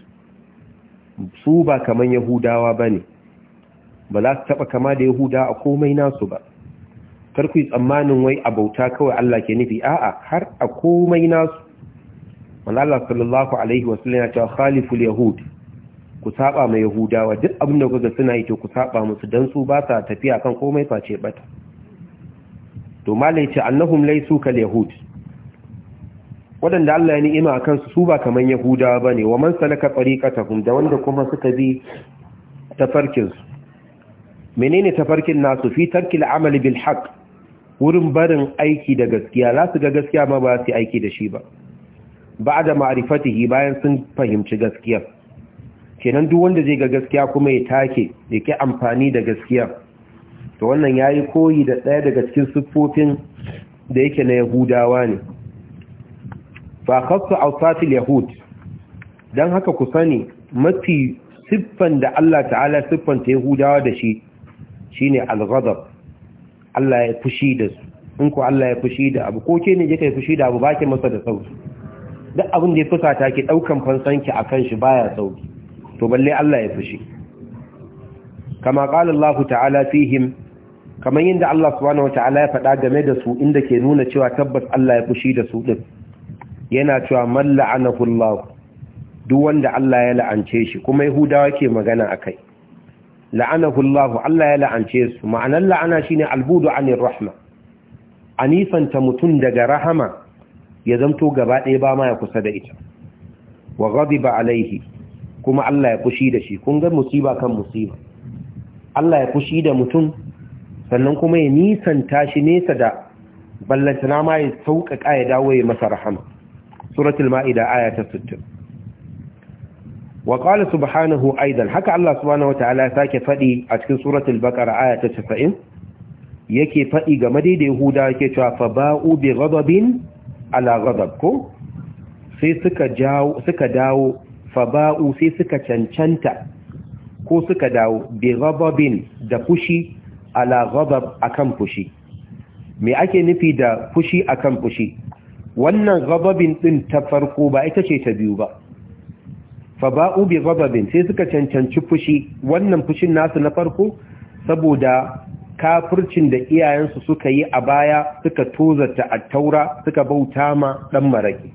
su ba kaman yahudawa ba ne. ba za su taɓa kama da yahuda a komai nasu ba karku yi tsammanin wai abauta kawai Allah ke nufi a'a har a komai nasu Allah sallallahu alaihi wasallam ya ce khaliful yahud ku saba mai yahudawa duk abinda da suna yi to ku saba musu don su ba sa tafiya kan komai face bata to malai ce annahum laysu kal yahud Waɗanda Allah ya ni'ima a kansu su ba kaman yahudawa ba ne wa man salaka tariqatahum da wanda kuma suka bi tafarkin su menene tafarkin nasu fi tarkil amali bil haq wurin barin aiki da gaskiya Za su ga gaskiya ma ba su aiki da shi ba Ba da ma'arifatihi bayan sun fahimci gaskiya kenan duk wanda zai ga gaskiya kuma ya take ke amfani da gaskiya to wannan ya yi koyi da ɗaya daga cikin siffofin da yake na yahudawa ne kasu khassu awsatil yahud Don haka ku sani mafi siffan da Allah ta'ala siffan ta yahudawa da shi ne al-ghadab Allah ya fushi da su in ku Allah ya fushi da abu ko ke ne ya fushi da abu ke masa da sauti duk abin da ya fusata ki daukan ki akan shi baya sauki to balle Allah ya fushi kama qala Allah ta'ala fihim kaman yadda Allah subhanahu wata'ala ya faɗa game da su inda ke nuna cewa tabbas Allah ya fushi da su din yana cewa man la'anahu Allah duk wanda Allah ya la'ance shi kuma Yahudawa ke magana akai la'anahu Allah Allah ya la'ance su ma'anar la'ana shine albudu anir rahma anifanta mutun daga rahama ya zamto gaba ɗaya ba ma ya kusa da ita wa ghadiba alaihi kuma Allah ya kushi da shi kun ga musiba kan musiba Allah ya fushi da mutum sannan kuma ya nisanta shi nesa da ballantana ma ya sauƙaƙa ya dawo ya masa rahama suratul ma'ida aya ta 60 wa qala subhanahu aidan haka Allah subhanahu wataala ya sake fadi a cikin suratul baqara aya ta 90 yake fadi game da yahuda yake cewa fa ba'u bi ghadabin ala ghadab ko sai suka jawo suka dawo faba'u sai suka cancanta ko suka dawo bi ghadabin da fushi ala ghadab akan fushi me ake nufi da fushi akan fushi wannan ghadabin din ta farko ba ita ce ta biyu ba faba'u bi ghadabin sai suka cancanci fushi wannan fushin nasu na farko saboda kafircin da iyayensu suka yi a baya suka tozata a taura suka bauta ma ɗan maraƙi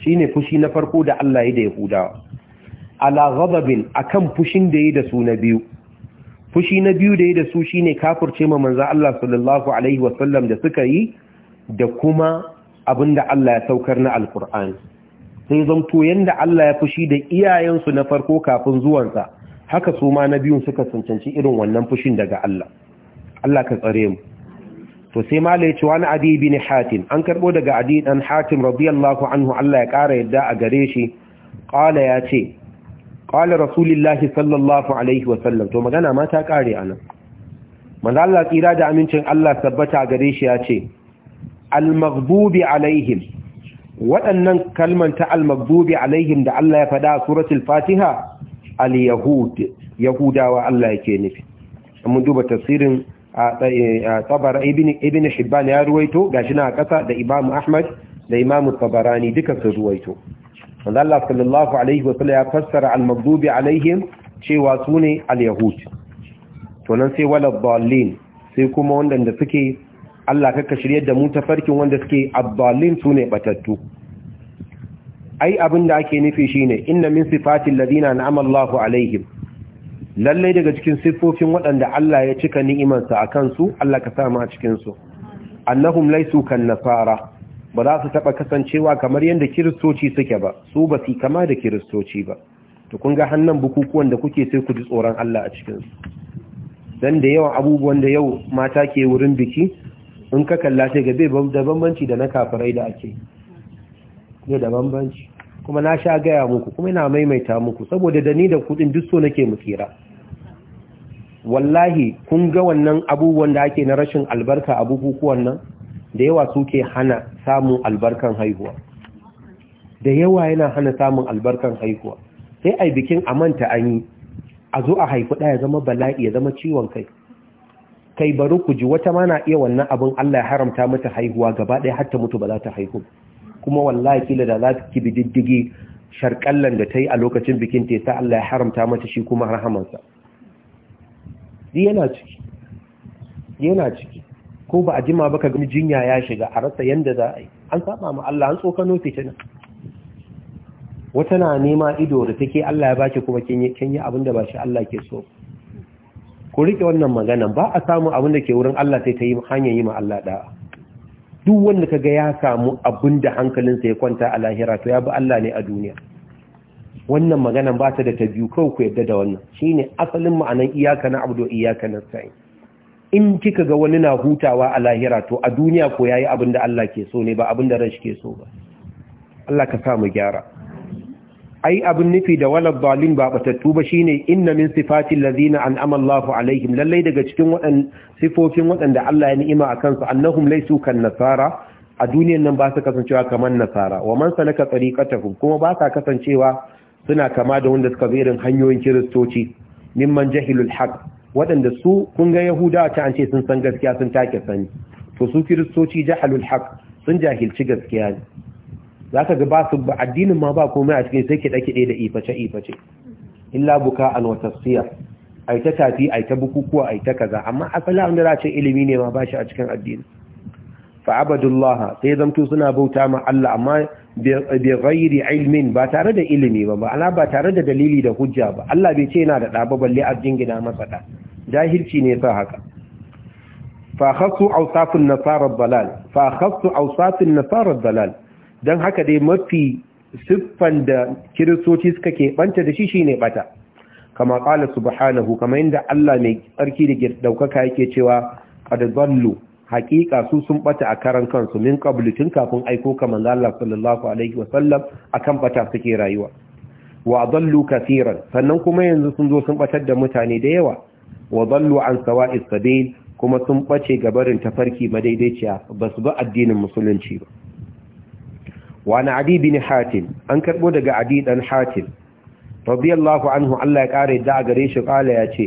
shi ne fushi na farko da Allah yi da Yahudawa ala ghadabin akan fushin da yi da su na biyu fushi na biyu da yi da su shine kafirce ma manzo Allah sallallahu alaihi wasallam da suka yi da kuma abinda Allah ya saukar na alkur'ani sai zamto yadda Allah ya fushi da iyayensu na farko kafin zuwansa haka su ma na biyun suka cancanci irin wannan fushin daga Allah Allah ka tsare mu to sai mala ya ce wani adi bin hatim an karbo daga adi dan hatim radiyallahu anhu Allah ya kara yadda a gare shi qala ya ce qala rasulullahi sallallahu alaihi wa sallam to magana ma ta kare anan manzo Allah tsira da amincin Allah sabbata gare shi ya ce al-maghdubi alaihim waɗannan kalman ta al-maghdubi alaihim da Allah ya faɗa a suratul fatiha al-yahud yahudawa Allah yake nufi mun duba tafsirin tabar ibn hibban ya ruwaito gashi na kasa da Imam ahmad da Imam tabarani duka su ruwaito wanda Allah sallallahu alaihi wa sallam ya fassara al-maghdubi alaihim cewa sune al-yahud to nan sai wala dallin sai kuma wanda suke Allah kaka shiryar da mu tafarkin wanda suke abdallin sune batattu ai abin da ake nufi shine inna min sifatil ladina an'ama Allahu alaihim Lallai daga cikin sifofin waɗanda Allah ya cika sa akan su Allah ka sa mu a cikin su annahum laysu kan nasara ba za su taba kasancewa kamar yadda kiristoci suke ba su ba su kama da kiristoci ba to kun ga hannan bukukuwan da kuke sai ku ji tsoron Allah a cikin dan da yawan abubuwan da yau mata ke wurin biki in ka kalla sai ga bai da bambanci da na kafirai da ake ne da bambanci kuma na sha gaya muku kuma ina maimaita muku saboda da ni da kudin duk so nake mu tsira wallahi kun ga wannan abubuwan da ake na rashin albarka a bukukuwan nan da yawa suke hana samun albarkan haihuwa da yawa yana hana samun albarkan haihuwa sai ai bikin a manta an yi a zo a haifi ɗaya zama bala'i ya zama ciwon kai kai bari ku ji wata mana iya wannan abin Allah ya haramta mata haihuwa gaba ɗaya har ta mutu ba za ta haihu kuma wallahi kila da za ki bi diddigi sharkallan da ta yi a lokacin bikin ta sa Allah ya haramta mata shi kuma rahamansa yana ciki yana ciki ko ba a jima ba ka gani jinya ya shiga a rasa yanda za a yi an saba ma Allah an tsokano fitina wata na nema ido da take Allah ya baki kuma kin kin yi abin da ba shi Allah ke so ku rike wannan magana ba a samu abin da ke wurin Allah sai ta yi hanyar yi ma Allah da'a duk wanda kaga ya samu abin da hankalinsa ya kwanta a lahira to ya bi Allah ne a duniya wannan magana ba ta da ta biyu kawai ku yadda da wannan Shi ne asalin ma'anan iyaka na abdu iyaka na sa'i in kika ga wani na hutawa a lahira to a duniya ko yayi abin da Allah ke so ne ba abin da ran shi ke so ba Allah ka sa mu gyara ai abin nufi da walad dalin ba batattu ba shine inna min sifati allazina an'ama Allahu alaihim lallai daga cikin wadan sifofin wadanda Allah ya ni'ima akan su annahum laysu kan nasara a duniyan nan ba su kasancewa kamar nasara wa man salaka tariqatahum kuma ba sa kasancewa suna kama da wanda suka irin hanyoyin kiristoci mimman jahilul haq wadanda su kun ga yahudawa ta an ce sun san gaskiya sun take sani to su kiristoci jahilul haq sun jahilci gaskiya ne za ka ga ba su ba addinin ma ba komai a cikin sai kiɗe-kiɗe da iface-iface illa buka an wata siyar a tafi a bukukuwa a kaza amma asali wanda za a ce ilimi ne ma ba shi a cikin addini fa'abadullah sai zamto suna bauta ma Allah amma bi ghairi ilmin ba tare da ilimi ba ba ba tare da dalili da hujja ba Allah bai ce yana da ɗaba balle a jingina masa ɗa jahilci ne sa haka fa khassu awsafun nasara dalal fa khassu awsafun nasara dalal don haka dai mafi siffan da kiristoci suka keɓanta da shi shi ne ɓata kama ƙala subhanahu kama inda Allah mai tsarki da ɗaukaka yake cewa ƙadadallu haƙiƙa su sun ɓata a karan kansu min ƙablitin kafin aiko ka manzo sallallahu alaihi wasallam kan ɓata suke rayuwa wa dallu kafiran, sannan kuma yanzu sun zo sun ɓatar da mutane da yawa wa dallu an sawa isabel kuma sun ɓace gabarin tafarki madaidaiciya ba su ba addinin musulunci ba wa na adi bin hatim an karbo daga adi dan hatim radiyallahu anhu Allah ya kare da gare shi kala ya ce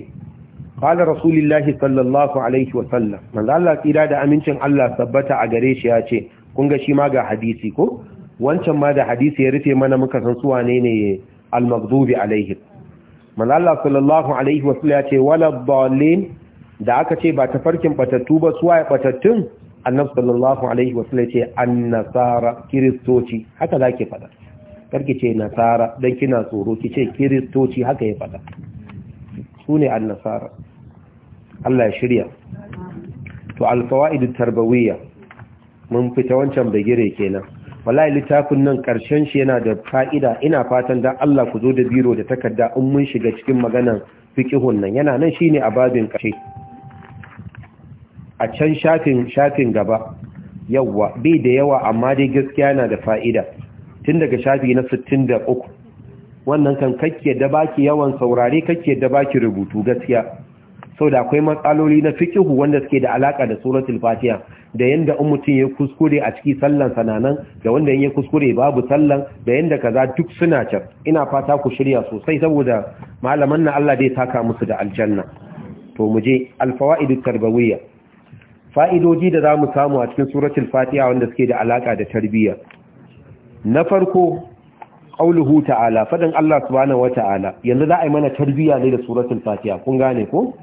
qala sallallahu alaihi wa sallam manzo Allah tsira da amincin Allah sabbata agare shi yace, kunga kun ga shi ma ga hadisi ko wancan ma da hadisi ya rufe mana muka san su wane ne al-maghdubi alaihi manzo sallallahu alaihi wa sallam da aka ce ba farkin batattu ba suwaye batattun annabi sallallahu alaihi wasallam ce annasara kiristoci haka zake fada karki ce nasara dan kina tsoro ki ce kiristoci haka ya fada su ne annasara Allah ya shirya to alfawaidu tarbawiyya mun fita wancan bagire kenan wallahi littafin nan karshen shi yana da fa'ida ina fatan dan Allah ku zo da biro da takarda in mun shiga cikin maganar fiqhun nan yana nan shine a babin kashe a can shafin shafin gaba yawa bai da yawa amma dai gaskiya na da fa'ida tun daga shafi na 63 wannan kan kake da baki yawan saurare kake da baki rubutu gaskiya sau da akwai matsaloli na fikihu wanda suke da alaka da suratul fatiya da yanda in mutum ya kuskure a ciki sallan sananan da wanda ya kuskure babu sallan da yanda kaza duk suna can ina fata ku shirya sosai saboda malaman na Allah zai taka musu da aljanna to mu je alfawaidu tarbawiyya fa'idoji da za mu samu a cikin suratul fatiha wanda suke da alaƙa da tarbiyya na farko ƙauluhu ta'ala faɗin Allah subhanahu wa ta'ala yanzu za a yi mana tarbiyya ne da suratul fatiha kun gane ko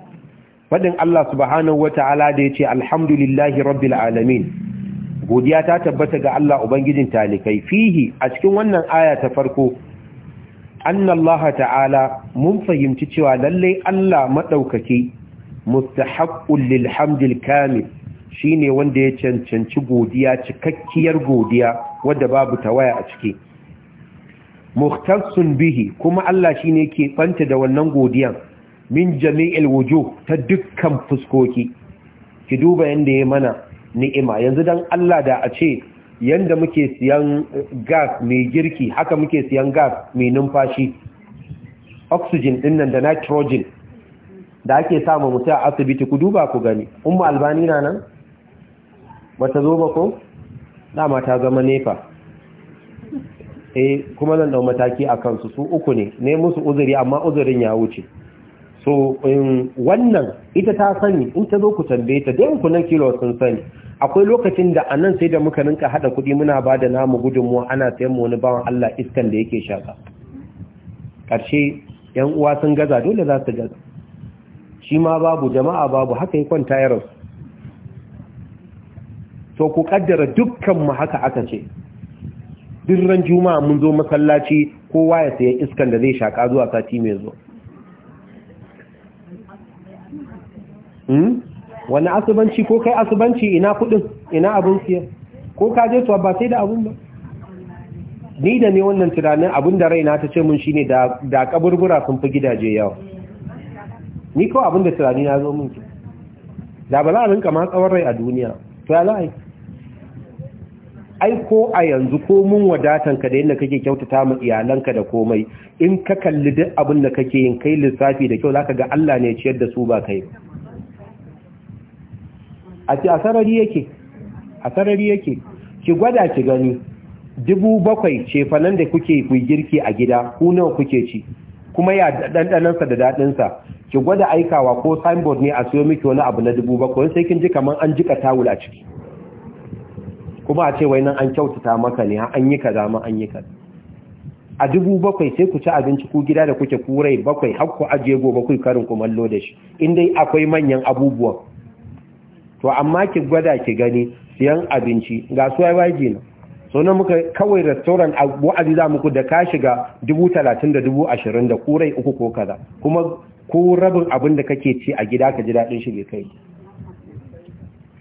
faɗin Allah subhanahu wa ta'ala da ya ce alhamdulillahi rabbil alamin godiya ta tabbata ga Allah ubangijin talikai fihi a cikin wannan aya ta farko annallaha ta'ala mun fahimci cewa lallai Allah maɗaukaki mustahaqqul lilhamdil kamil Shi ne wanda ya cancanci godiya cikakkiyar godiya wadda babu tawaya a ciki muhtasun bihi kuma Allah shi ne ke banta da wannan godiyan min jami'il wujo ta dukkan fuskoki ki duba yadda ya mana ni'ima yanzu don Allah da a ce yadda muke siyan eh, gas mai girki haka muke siyan gas mai numfashi oxygen din nan da nitrogen da ake samun mutu a asibiti ku duba ku gani umma albani na nan bata zo ba ko dama ta zama nefa eh kuma zan dau mataki a kansu su uku ne ne musu uzuri amma uzurin ya wuce so wannan ita ta sani in ta zo ku tambaye ta don ku nan kilo sun sani akwai lokacin da anan sai da muka rinka hada kuɗi muna ba da namu gudunmuwa ana sayan mu wani bawan Allah iskan da yake shaka ƙarshe yan uwa sun gaza dole za su gaza shi ma babu jama'a babu haka ya kwanta ya to ku kaddara dukkan mu haka aka ce ran juma'a mun zo masallaci kowa ya sayi iskan da zai shaka zuwa sati mai zo hmm? wani asubanci ko kai asubanci ina kudin ina abun siya ko ka je tuwa ba sai da abun ba ni da ne wannan tunanin abun da raina ta ce mun shine da da kaburbura sun fi gidaje yawa ni ko abun da tunani na zo mun da ba za a rinka ma tsawon rai a duniya to ya za a yi ai ko a yanzu ko mun wadatan ka da yadda kake kyautata mu iyalanka da komai in ka kalli duk abin da kake yin kai lissafi da kyau zaka ga Allah ne ya ciyar da su ba kai a ce a sarari yake a yake ki gwada ki gani dubu bakwai ce fanan da kuke ku girki a gida ku nawa kuke ci kuma ya sa da dadin sa, ki gwada aikawa ko signboard ne a siyo miki wani abu na dubu bakwai sai kin ji kaman an jika tawul a ciki kuma a ce wai nan an kyautata maka ne an yi kaza ma an yi kaza a dubu bakwai sai ku ci abinci ku gida da kuke kurai bakwai har ku ajiye gobe ku karin kumallo da shi in dai akwai manyan abubuwa to amma ki gwada ki gani siyan abinci ga su ai waje ne so nan muka kawai restaurant a wa'azi za muku da ka shiga dubu talatin da dubu ashirin da kurai uku ko kaza kuma ko rabin abin da kake ci a gida ka ji daɗin shi kai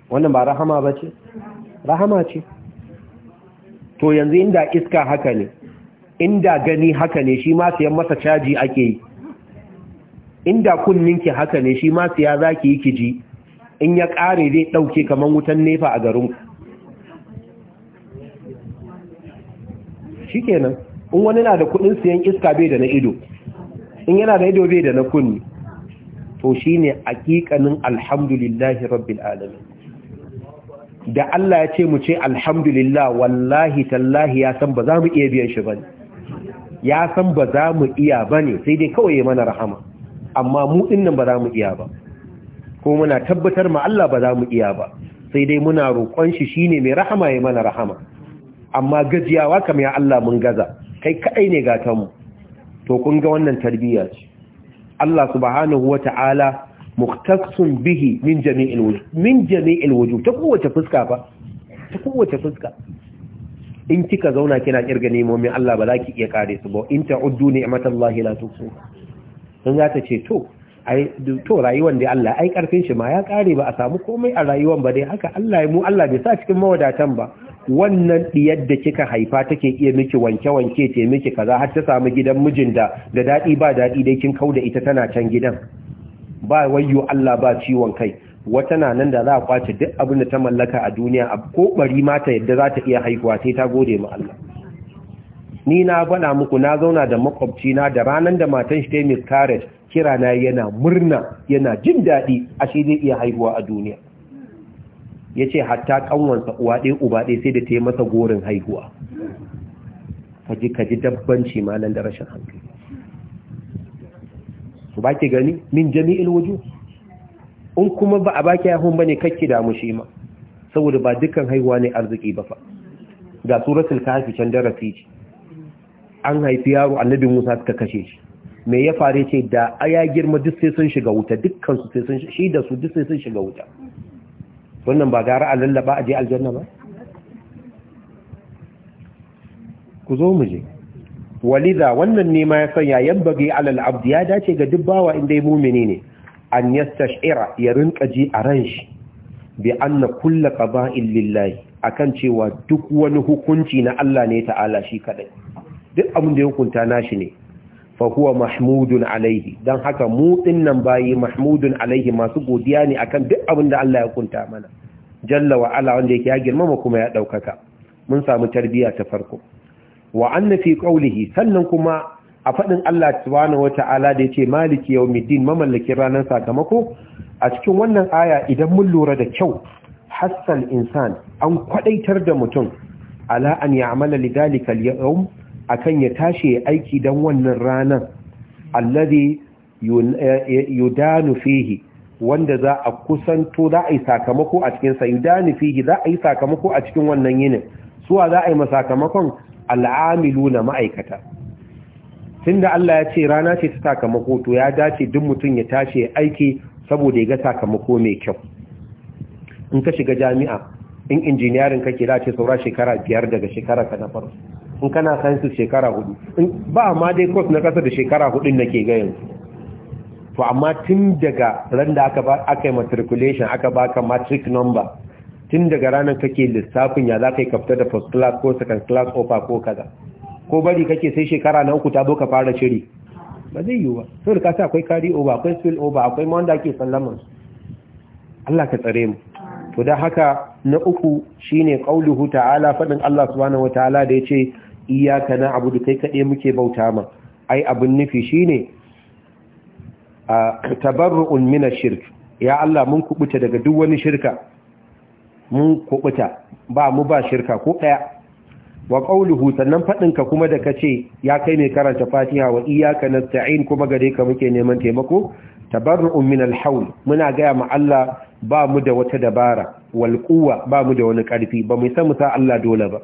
wannan ba rahama ba ce rahama ce to yanzu inda iska haka ne inda gani haka ne shi ma siyan masa caji ake yi inda kunninki haka ne shi ma siya za ki yi kiji in ya ƙare zai ɗauke kamar wutan nefa a garin shi kenan in wani na da kudin siyan iska bai da na ido in yana da ido bai da na kunni to shine aƙiƙanin alhamdulillahi rabbil alamin da Allah ya ce mu ce alhamdulillah wallahi tallahi ya san ba za mu iya biyan shi bane ya san ba za mu iya bane sai dai kawai ya mana rahama amma mu dinnan ba za mu iya ba ko muna tabbatar ma Allah ba za mu iya ba sai dai muna roƙon shi shine mai rahama ya mana rahama amma gajiyawa kam ya Allah mun gaza kai kadai ne gatan mu to kun ga wannan tarbiyya ce Allah subhanahu wata'ala muktasun bihi min jami'il wujud min jami'il wujud ta kowace fuska fa ta kowace fuska in kika zauna kina kirga nemomin Allah ba za ki iya kare su ba in ta'uddu ni'matallahi la tuhsu in za ta ce to ai to rayuwar da Allah ai karfin shi ma ya kare ba a samu komai a rayuwar ba dai haka Allah ya mu Allah bai sa cikin mawadatan ba wannan diyar da kika haifa take iya miki wanke-wanke ce miki kaza har ta samu gidan mijin da da dadi ba dadi dai kin kauda ita tana can gidan ba wayyo Allah ba ciwon kai wata na nan da za a kwace duk abin da ta mallaka a duniya a ko bari mata yadda za ta iya haihuwa sai ta gode ma Allah ni na faɗa muku na zauna da makwabci na da ranar da matan shi ta miscarriage kira na yana murna yana jin daɗi a shi zai iya haihuwa a duniya ya ce hatta ƙanwansa uwa ɗaya uba ɗaya sai da ta yi masa gorin haihuwa kaji kaji dabbanci malan da rashin hankali Ba ke gani min jami'il wujuh in kuma ba a baki haihuwan bane kake da mu shi ma saboda ba dukkan haihuwa ne arziki ba fa ga suratul kafi can darasi ce an haifi yaro annabi Musa suka kashe shi me ya fare ce da ya girma duk sai sun shiga wuta dukkan su sai sun shi da su duk sai sun shiga wuta wannan ba gara a lallaba a je aljanna ba ku zo mu je walidha wannan ne ma ya sanya yabbage alal abdi ya dace ga duk bawa inda ya mumini ne an yastash'ira ya rinka ji a ran shi bi anna kulla qaba'in lillahi akan cewa duk wani hukunci na Allah ne ta'ala shi kadai duk abin da ya hukunta nashi ne fa huwa mahmudun alaihi dan haka mu dinnan bayi mahmudun alaihi masu godiya ne akan duk abin da Allah ya hukunta mana jalla wa ala wanda yake ya girmama kuma ya daukaka mun samu tarbiya ta farko wa anna fi qawlihi sannan kuma a fadin Allah subhanahu wata'ala da yace maliki yawmiddin mamallakin ranar sakamako a cikin wannan aya idan mun lura da kyau hasal insan an kwadaitar da mutum ala an ya'mala dalika al-yawm akan ya tashi aiki dan wannan ranar allazi eh, eh, yudanu fihi wanda za a kusanto za a yi sakamako a cikin sa yudanu fihi za a yi sakamako a cikin wannan yinin suwa za a yi masakamakon al'amiluna ma'aikata tunda Allah ya ce rana ce ta sakamako to ya dace duk mutum ya tashi aiki saboda ya ga sakamako mai kyau in ka shiga jami'a in injiniyarin ka ke ce saura shekara biyar daga shekara ka na faru. in kana sciences shekara hudu ba ma dai course na kasa da shekara hudun nake ga yanzu to amma tun daga ran da aka aka yi matriculation aka baka matric number tun daga ranar kake lissafin ya za ka yi kafta da first class ko second class offer ko kaza ko bari kake sai shekara na uku ta zo fara shiri ba zai yiwu ba sau da kasa akwai carry over akwai spill over akwai ma wanda ake sallaman Allah ka tsare mu to da haka na uku shine qauluhu ta'ala fadin Allah subhanahu wataala da yace iyyaka na'budu kai kade muke bauta ma ai abun nufi shine tabarru'un minash shirk ya Allah mun kubuta daga duk wani shirka mun kuɓuta, ba mu ba shirka ko daya wa qawluhu sannan ka kuma da ka ce ya kai ne karanta Fatiha wa iyyaka nasta'in kuma gare ka muke neman taimako tabarru'un min al-hawl muna gaya ma Allah ba mu da wata dabara wal quwwa ba mu da wani karfi ba mu san mu sa Allah dole ba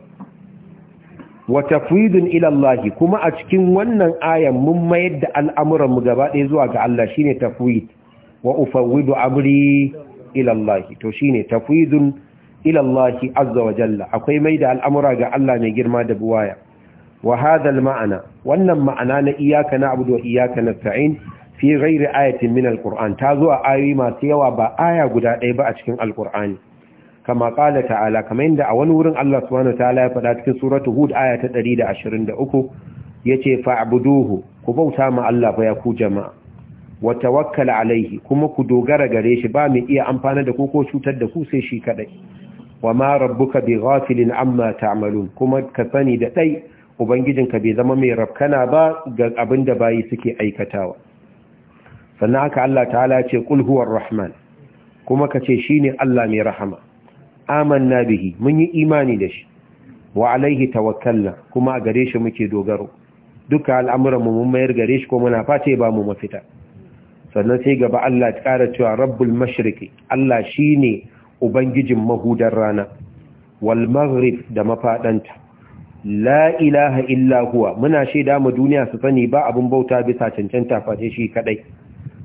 wa tafwidun ila Allah kuma a cikin wannan ayan mun mayar da al'amuran mu gaba ɗaya zuwa ga Allah shine tafwid wa ufawwidu amri ila Allah to shine tafwidun ilallahi azza wa jalla akwai mai da al'amura ga Allah mai girma da buwaya wa hadhal ma'ana wannan ma'ana na iyaka na abu da iyaka nasta'in fi ghairi ayatin min alquran ta zuwa ayoyi masu yawa ba aya guda ɗaya ba a cikin alqur'ani kama qala ta'ala kamar inda a wani wurin Allah su wa ta'ala ya faɗa cikin suratu hud aya ta 123 yace fa'buduhu ku bauta ma Allah fa ya ku jama'a wa tawakkal alaihi kuma ku dogara gare shi ba mu iya amfana da ku ko cutar da ku sai shi kaɗai wa ma rabbuka bi ghafilin amma ta'malun kuma ka sani da dai ubangijinka bai zama mai rabkana ba ga abin da bayi suke aikatawa sannan haka Allah ta'ala ce kul huwar rahman kuma ka ce shine Allah mai rahama amanna bihi mun yi imani da shi wa alaihi tawakkalna kuma a gare shi muke dogaro duka al'amuran mu mun mayar gare shi ko muna face ba mu mafita sannan sai gaba Allah ya ƙara cewa rabbul mashriqi Allah shine ubangijin mahudar rana wal maghrib da mafaɗanta, la ilaha illa huwa muna shaida mu duniya su sani ba abun bauta bisa cancanta face shi kadai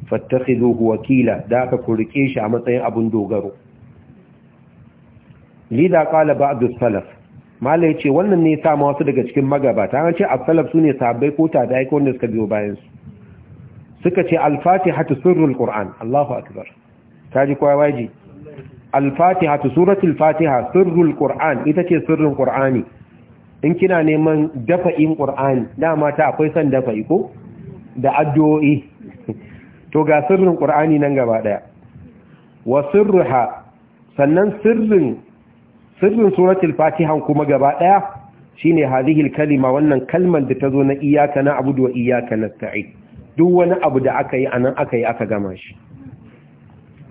fattakhizuhu wakila da aka kurike shi a matsayin abun dogaro lida kala ba'd salaf mala yace wannan ne sa ma wasu daga cikin magabata an ce as su sune sahabbai ko tadai ko wanda suka biyo bayan su suka ce al-fatihatu sirrul qur'an Allahu akbar kaji kwa waji al-fatiha suratul fatiha sirrul qur'an ita ce sirrin qur'ani in kina neman dafa'in qur'ani dama ta akwai san dafa'i ko da addu'o'i to ga sirrin qur'ani nan gaba daya wa sirruha sannan sirrin sirrin suratul fatiha kuma gaba daya shine hadhihi kalima wannan kalmar da tazo na iyyaka na abudu wa iyyaka nasta'in duk wani abu da aka yi anan aka yi aka gama shi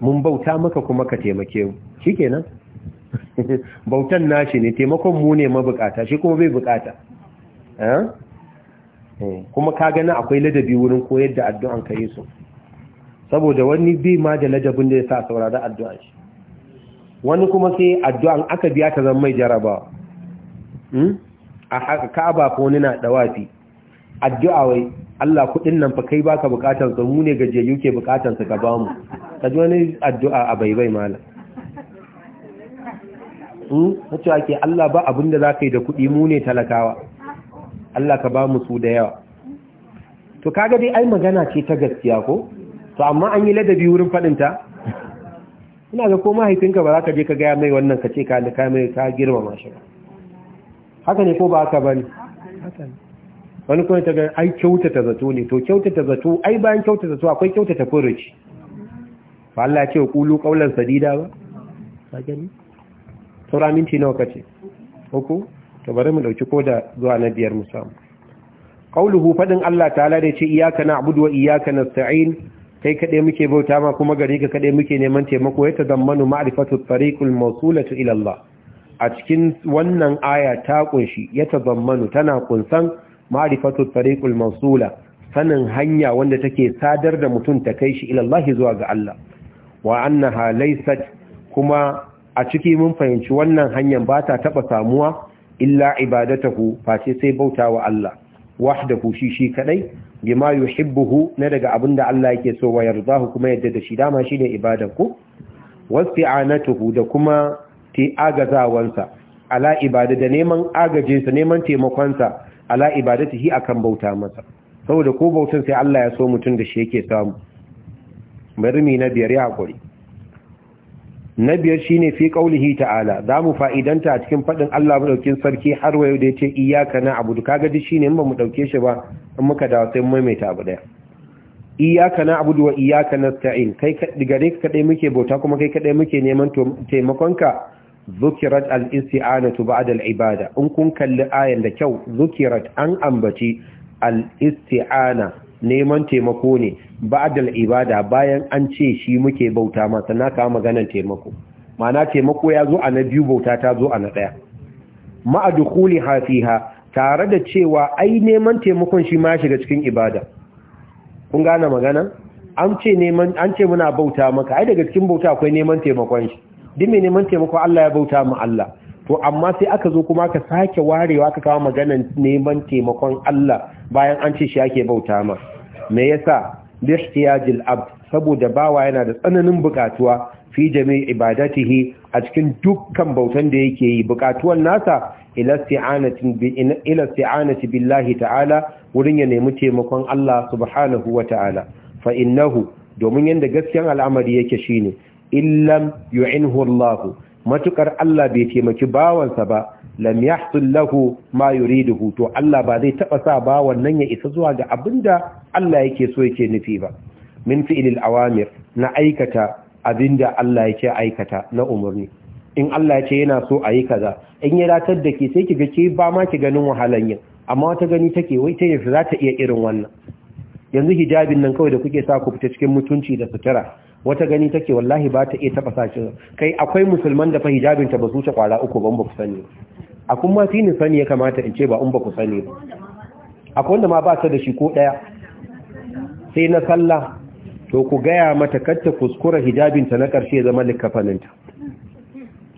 mun bauta maka kuma ka taimake mu shikenan [LAUGHS] bautan nashi ne taimakon mu ne mabukata shi kuma bai bukata eh? Eh, kuma ka gani akwai ladabi wurin koyar da addu'an ka su saboda wani bi ma da ladabin da ya sa saurari addu'an shi wani kuma sai addu'an aka biya ta zama mai jarabawa hmm? a haka ka'aba ko wani na dawafi addu'a wai Allah kudin nan fa kai baka bukatar sa mu ne gajiyayyu ke bukatar sa ka mu ka ji wani addu'a a baibai malam wacce hmm? ake Allah ba abun da za ka yi da kuɗi mu ne talakawa Allah ka ba mu su da yawa to kaga dai ai magana ce ta gaskiya ko to amma an yi ladabi wurin faɗinta ina ga ko mahaifinka ba za ka je ka gaya mai wannan ka ce ka ka mai ka girmama shi haka ne ko ba haka ba haka ne wani kuma ta ga ai kyautata zato ne to kyautata zato ai bayan kyautata zato akwai kyautata furuci ba Allah ce kulu kaulan sadida ba ka gani saura minti nawa kace uku to bari mu dauki koda zuwa na biyar mu samu qauluhu fadin Allah ta'ala da ce iyyaka na'budu wa iyyaka nasta'in kai kade muke bauta ma kuma gare ka kade muke neman taimako ya tazammanu ma'rifatu tariqul mawsulatu ila Allah a cikin wannan aya ta kunshi ya tazammanu tana kunsan ma'rifatu tariqul mawsula sanin hanya wanda take sadar da mutum ta kai shi ila Allah zuwa ga Allah wa annaha laysat kuma a ciki mun fahimci wannan hanyar ba ta taba samuwa illa ibadatuhu face sai bautawa Allah wahdahu shi shi kadai bima yuhibbuhu na daga abinda Allah yake so wa yardahu kuma yadda da shi dama shine ibadanku wasti'anatuhu da kuma ti agazawansa ala ibada da neman agaje sa neman taimakonsa ala ibadatihi akan bauta masa saboda ko bautan sai Allah ya so mutun da shi yake samu barmi na biyar ya hakuri na biyar shi ne fi qaulihi ta'ala Za mu fa'idanta a cikin faɗin Allah madaukin sarki har wayo da yace na abu kaga duk shi ne ba mu ɗauke shi ba in muka dawo sai maimaita abu daya abu na'budu wa na sta'in kai gare ka kadai muke bauta kuma kai kadai muke neman taimakonka zukirat al-isti'anatu ba'da al-ibada in kun kalli ayan da kyau zukirat an ambaci al-isti'ana neman taimako ne da ibada bayan an ce shi muke bauta ma na ka ganin taimako ma'ana taimako ya zo a na biyu bauta ta zo a na daya ma'adukuli hafiha tare da cewa ai neman taimakon shi ma shiga cikin ibada kun gane magana an ce muna bauta maka ai daga cikin bauta akwai neman taimakon shi duk mai neman taimako Allah ya bauta mu Allah to amma sai aka zo kuma ka sake warewa ka kawo maganan neman taimakon Allah bayan an ce shi ake bauta ma me yasa bi ihtiyajil abd saboda bawa yana da tsananin bukatuwa fi jami' ibadatihi a cikin dukkan bautan da yake yi bukatuwan nasa ila isti'anati bi ila billahi ta'ala wurin ya nemi taimakon Allah subhanahu wa ta'ala fa innahu domin yadda gaskiyan al'amari yake shine illam yu'inhu Allah matukar Allah bai taimaki bawansa ba lam yahsul lahu ma yuriduhu to Allah ba zai taɓa sa bawan nan ya isa zuwa da abinda Allah yake so yake nufi ba min ilil awamir na aikata abinda Allah yake aikata na umarni in Allah ya ce yana so a yi kaza in ya ratar da ke sai kiga ke ba ma ki ganin wahalan yin amma wata gani take wai ta yafi za ta iya irin wannan yanzu hijabin nan kawai da kuke sa ku fita cikin mutunci da sutura wata gani take wallahi ba ta iya taba sashi kai akwai musulman da fa hijabin ta ba su ta kwara uku ban ba ku sani a kun ma sani ya kamata in ce ba in ba ku sani ba akwai wanda ma ba ta da shi ko daya sai na sallah to ku gaya mata kacce kuskura hijabinta na ƙarshe zama likafaninta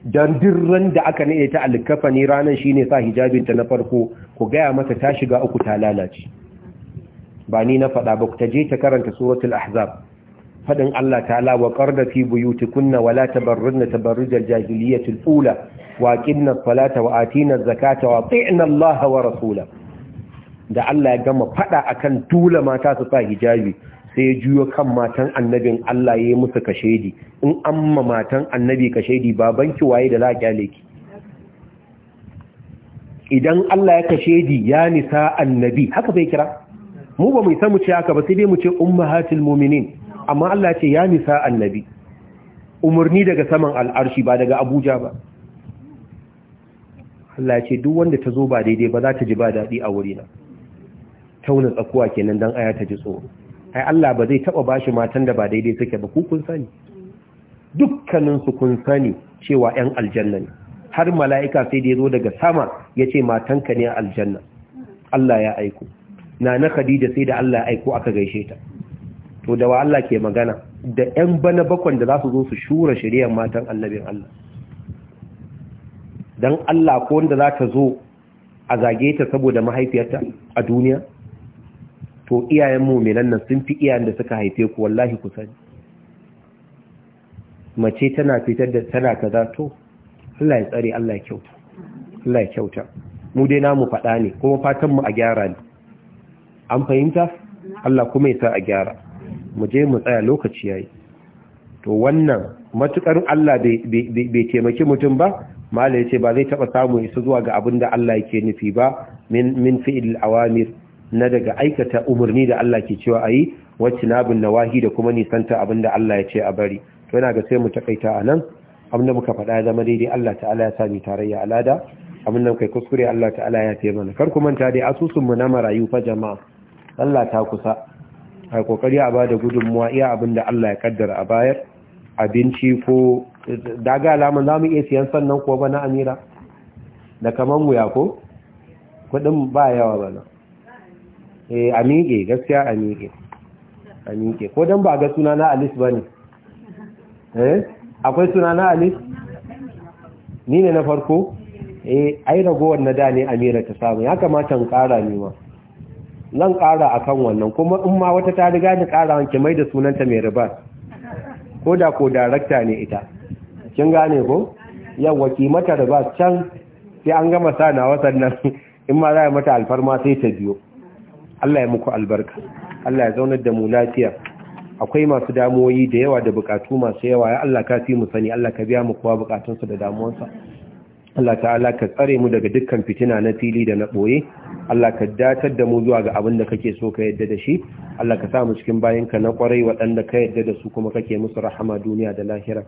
don dirran da aka ne ta alikafani ranar shi ne sa hijabinta na farko ku gaya mata ta shiga uku ta lalace ba ni na faɗa ba ku ta je ta karanta suratul ahzab faɗin Allah ta'ala wa qarda fi buyutikunna wala, la tabarrujna tabarrujal jahiliyatil ula wa aqimna salata wa atina zakata wa ati'na Allah wa rasula da Allah ya gama fada akan tula mata su sa hijabi sai ya juyo kan matan annabin Allah ya yi musu kashedi in amma matan annabi kashedi ki waye da za a kyale ki idan Allah ya kashedi ya nisa annabi haka bai kira mu ba mu san mu ce haka ba sai dai mu ce ummahatul mu'minin amma Allah ya ce ya nisa annabi umarni daga saman al'arshi ba daga Abuja ba Allah ya ce duk wanda ta zo ba daidai ba za ta ji ba daɗi a wurina. taunin tsakuwa kenan dan aya ta ji tsoro ai Allah ba zai taba bashi matan da ba daidai suke ba ku kun sani dukkanin kun sani cewa 'yan aljanna ne har mala'ika sai da yazo daga sama yace matanka ne aljanna Allah ya aiko nana Khadija sai da Allah ya aiko aka gaishe ta to da wa Allah ke magana da ƴan bana bakon da za su zo su shura shari'ar matan annabin Allah dan Allah ko wanda za ta zo a zage ta saboda mahaifiyarta a duniya to iyayen mu menan nan sun fi iyayen da suka haife ku wallahi ku sani mace tana fitar da tana kaza to Allah ya tsare Allah ya kyauta Allah ya kyauta mu dai namu faɗa ne kuma fatan mu a gyara ne an fahimta Allah kuma ya sa a gyara mu je mu tsaya lokaci yayi to wannan matukar Allah bai taimaki mutum ba ya ce ba zai taba samu isa zuwa ga abin da Allah yake nufi ba min min fi'il awamir na daga aikata umarni da Allah ke cewa ayi wacce nabin nawahi da kuma nisanta abinda Allah ya ce a bari to yana ga sai mu takaita anan abinda muka faɗa zama daidai Allah ta'ala ya sami tarayya alada abinda kai kuskure Allah ta'ala ya taimaka mana kar ku manta dai asusun mu na marayu fa jama'a Allah ta kusa a kokari a bada gudunmuwa iya abinda Allah ya kaddara a bayar abinci ko daga za mu iya siyan sannan ko bana amira da kaman wuya ko kudin ba yawa ba bana eh a miƙe gaskiya a miƙe a ko don ba ga suna na Alice ba ne eh? akwai suna na Alice? ni ne na farko eh ai ragowar na da ne amira ta samu ya kamata in ƙara ne ma zan ƙara akan wannan kuma in ma wata ta riga ni ƙara wanke mai da sunanta mai riba ko da ko darakta ne ita kin gane ko yawa kimata riba can sai an gama sa na nan [LAUGHS] in ma za a mata alfarma sai ta biyo Allah ya muku albarka Allah ya zaunar da mu lafiya akwai masu damuwoyi da yawa da bukatu masu yawa ya Allah ka fi mu sani Allah ka biya mu kowa bukatunsa da damuwarsa Allah ta'ala ka tsare mu daga dukkan fitina na fili da na boye Allah ka datar da mu zuwa ga abin da kake so ka yadda da shi Allah ka sa mu cikin ka na kwarai waɗanda ka yadda da su kuma kake musu rahama duniya da lahira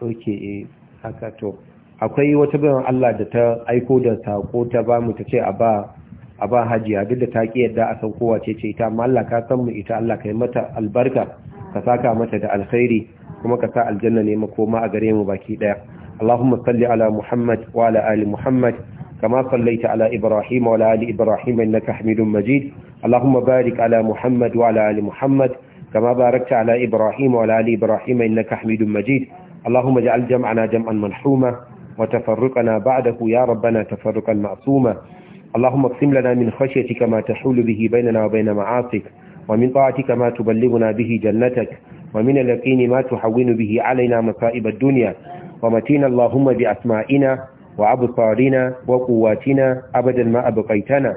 okay eh, haka to akwai wata bayan Allah da ta aiko da sako ta ba mu ta ce a ba a ba hajiya duk da ta ki yadda a san kowa ce ce ita mallaka ka san mu ita Allah kai mata albarka ka saka mata da alkhairi kuma ka sa aljanna ne koma a gare mu baki daya Allahumma salli ala Muhammad wa ala ali Muhammad kama sallaita ala Ibrahim wa ala ali Ibrahim innaka Hamidum Majid Allahumma barik ala Muhammad wa ala ali Muhammad كما ibrahim على إبراهيم وعلى آل إبراهيم إنك حميد مجيد اللهم اجعل جمعنا جمعا منحوما وتفرقنا بعده يا ربنا تفرقا اللهم اقسم لنا من خشيتك ما تحول به بيننا وبين معاصيك ومن طاعتك ما تبلغنا به جنتك ومن اليقين ما تحون به علينا مصائب الدنيا ومتين اللهم بأسمائنا وأبصارنا وقواتنا أبدا ما أبقيتنا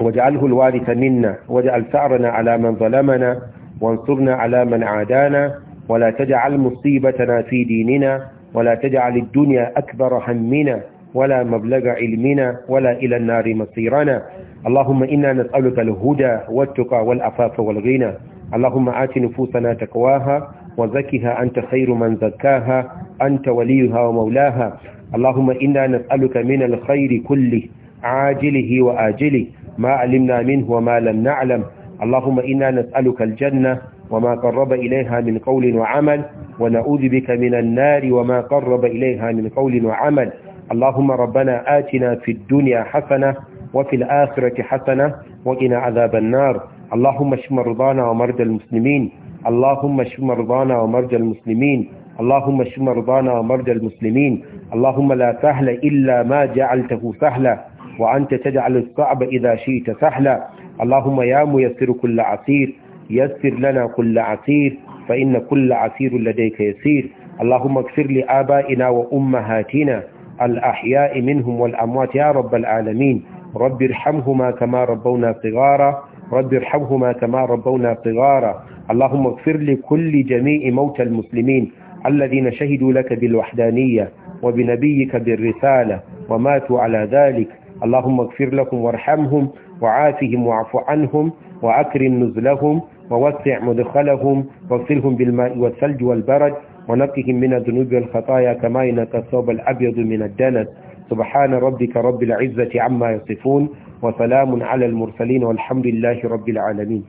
واجعله الوارث منا واجعل ثأرنا على من ظلمنا وانصرنا على من عادانا ولا تجعل مصيبتنا في ديننا ولا تجعل الدنيا أكبر همنا ولا مبلغ علمنا ولا إلى النار مصيرنا اللهم إنا نسألك الهدى والتقى والعفاف والغنى اللهم آت نفوسنا تقواها وزكها أنت خير من زكاها أنت وليها ومولاها اللهم إنا نسألك من الخير كله عاجله وآجله ما علمنا منه وما لم نعلم اللهم إنا نسألك الجنة وما قرب إليها من قول وعمل ونعوذ بك من النار وما قرب إليها من قول وعمل اللهم ربنا آتنا في الدنيا حسنة وفي الآخرة حسنة وقنا عذاب النار اللهم اشف مرضانا ومرضى المسلمين اللهم اشف مرضانا ومرضى المسلمين اللهم اشف مرضانا ومرضى المسلمين اللهم لا سهل إلا ما جعلته سهلا وأنت تجعل الصعب إذا شئت سهلا اللهم يا ميسر كل عسير يسر لنا كل عسير فإن كل عسير لديك يسير اللهم اغفر لآبائنا وأمهاتنا الأحياء منهم والأموات يا رب العالمين رب ارحمهما كما ربونا صغارا رب ارحمهما كما ربونا صغارا اللهم اغفر لكل جميع موتى المسلمين الذين شهدوا لك بالوحدانية وبنبيك بالرسالة وماتوا على ذلك اللهم اغفر لهم وارحمهم وعافهم واعف عنهم وأكرم نزلهم ووسع مدخلهم واغسلهم بالماء والثلج والبرد ونقهم من الذنوب والخطايا كما ينقى الثوب الأبيض من الدنس سبحان ربك رب العزة عما يصفون وسلام على المرسلين والحمد لله رب العالمين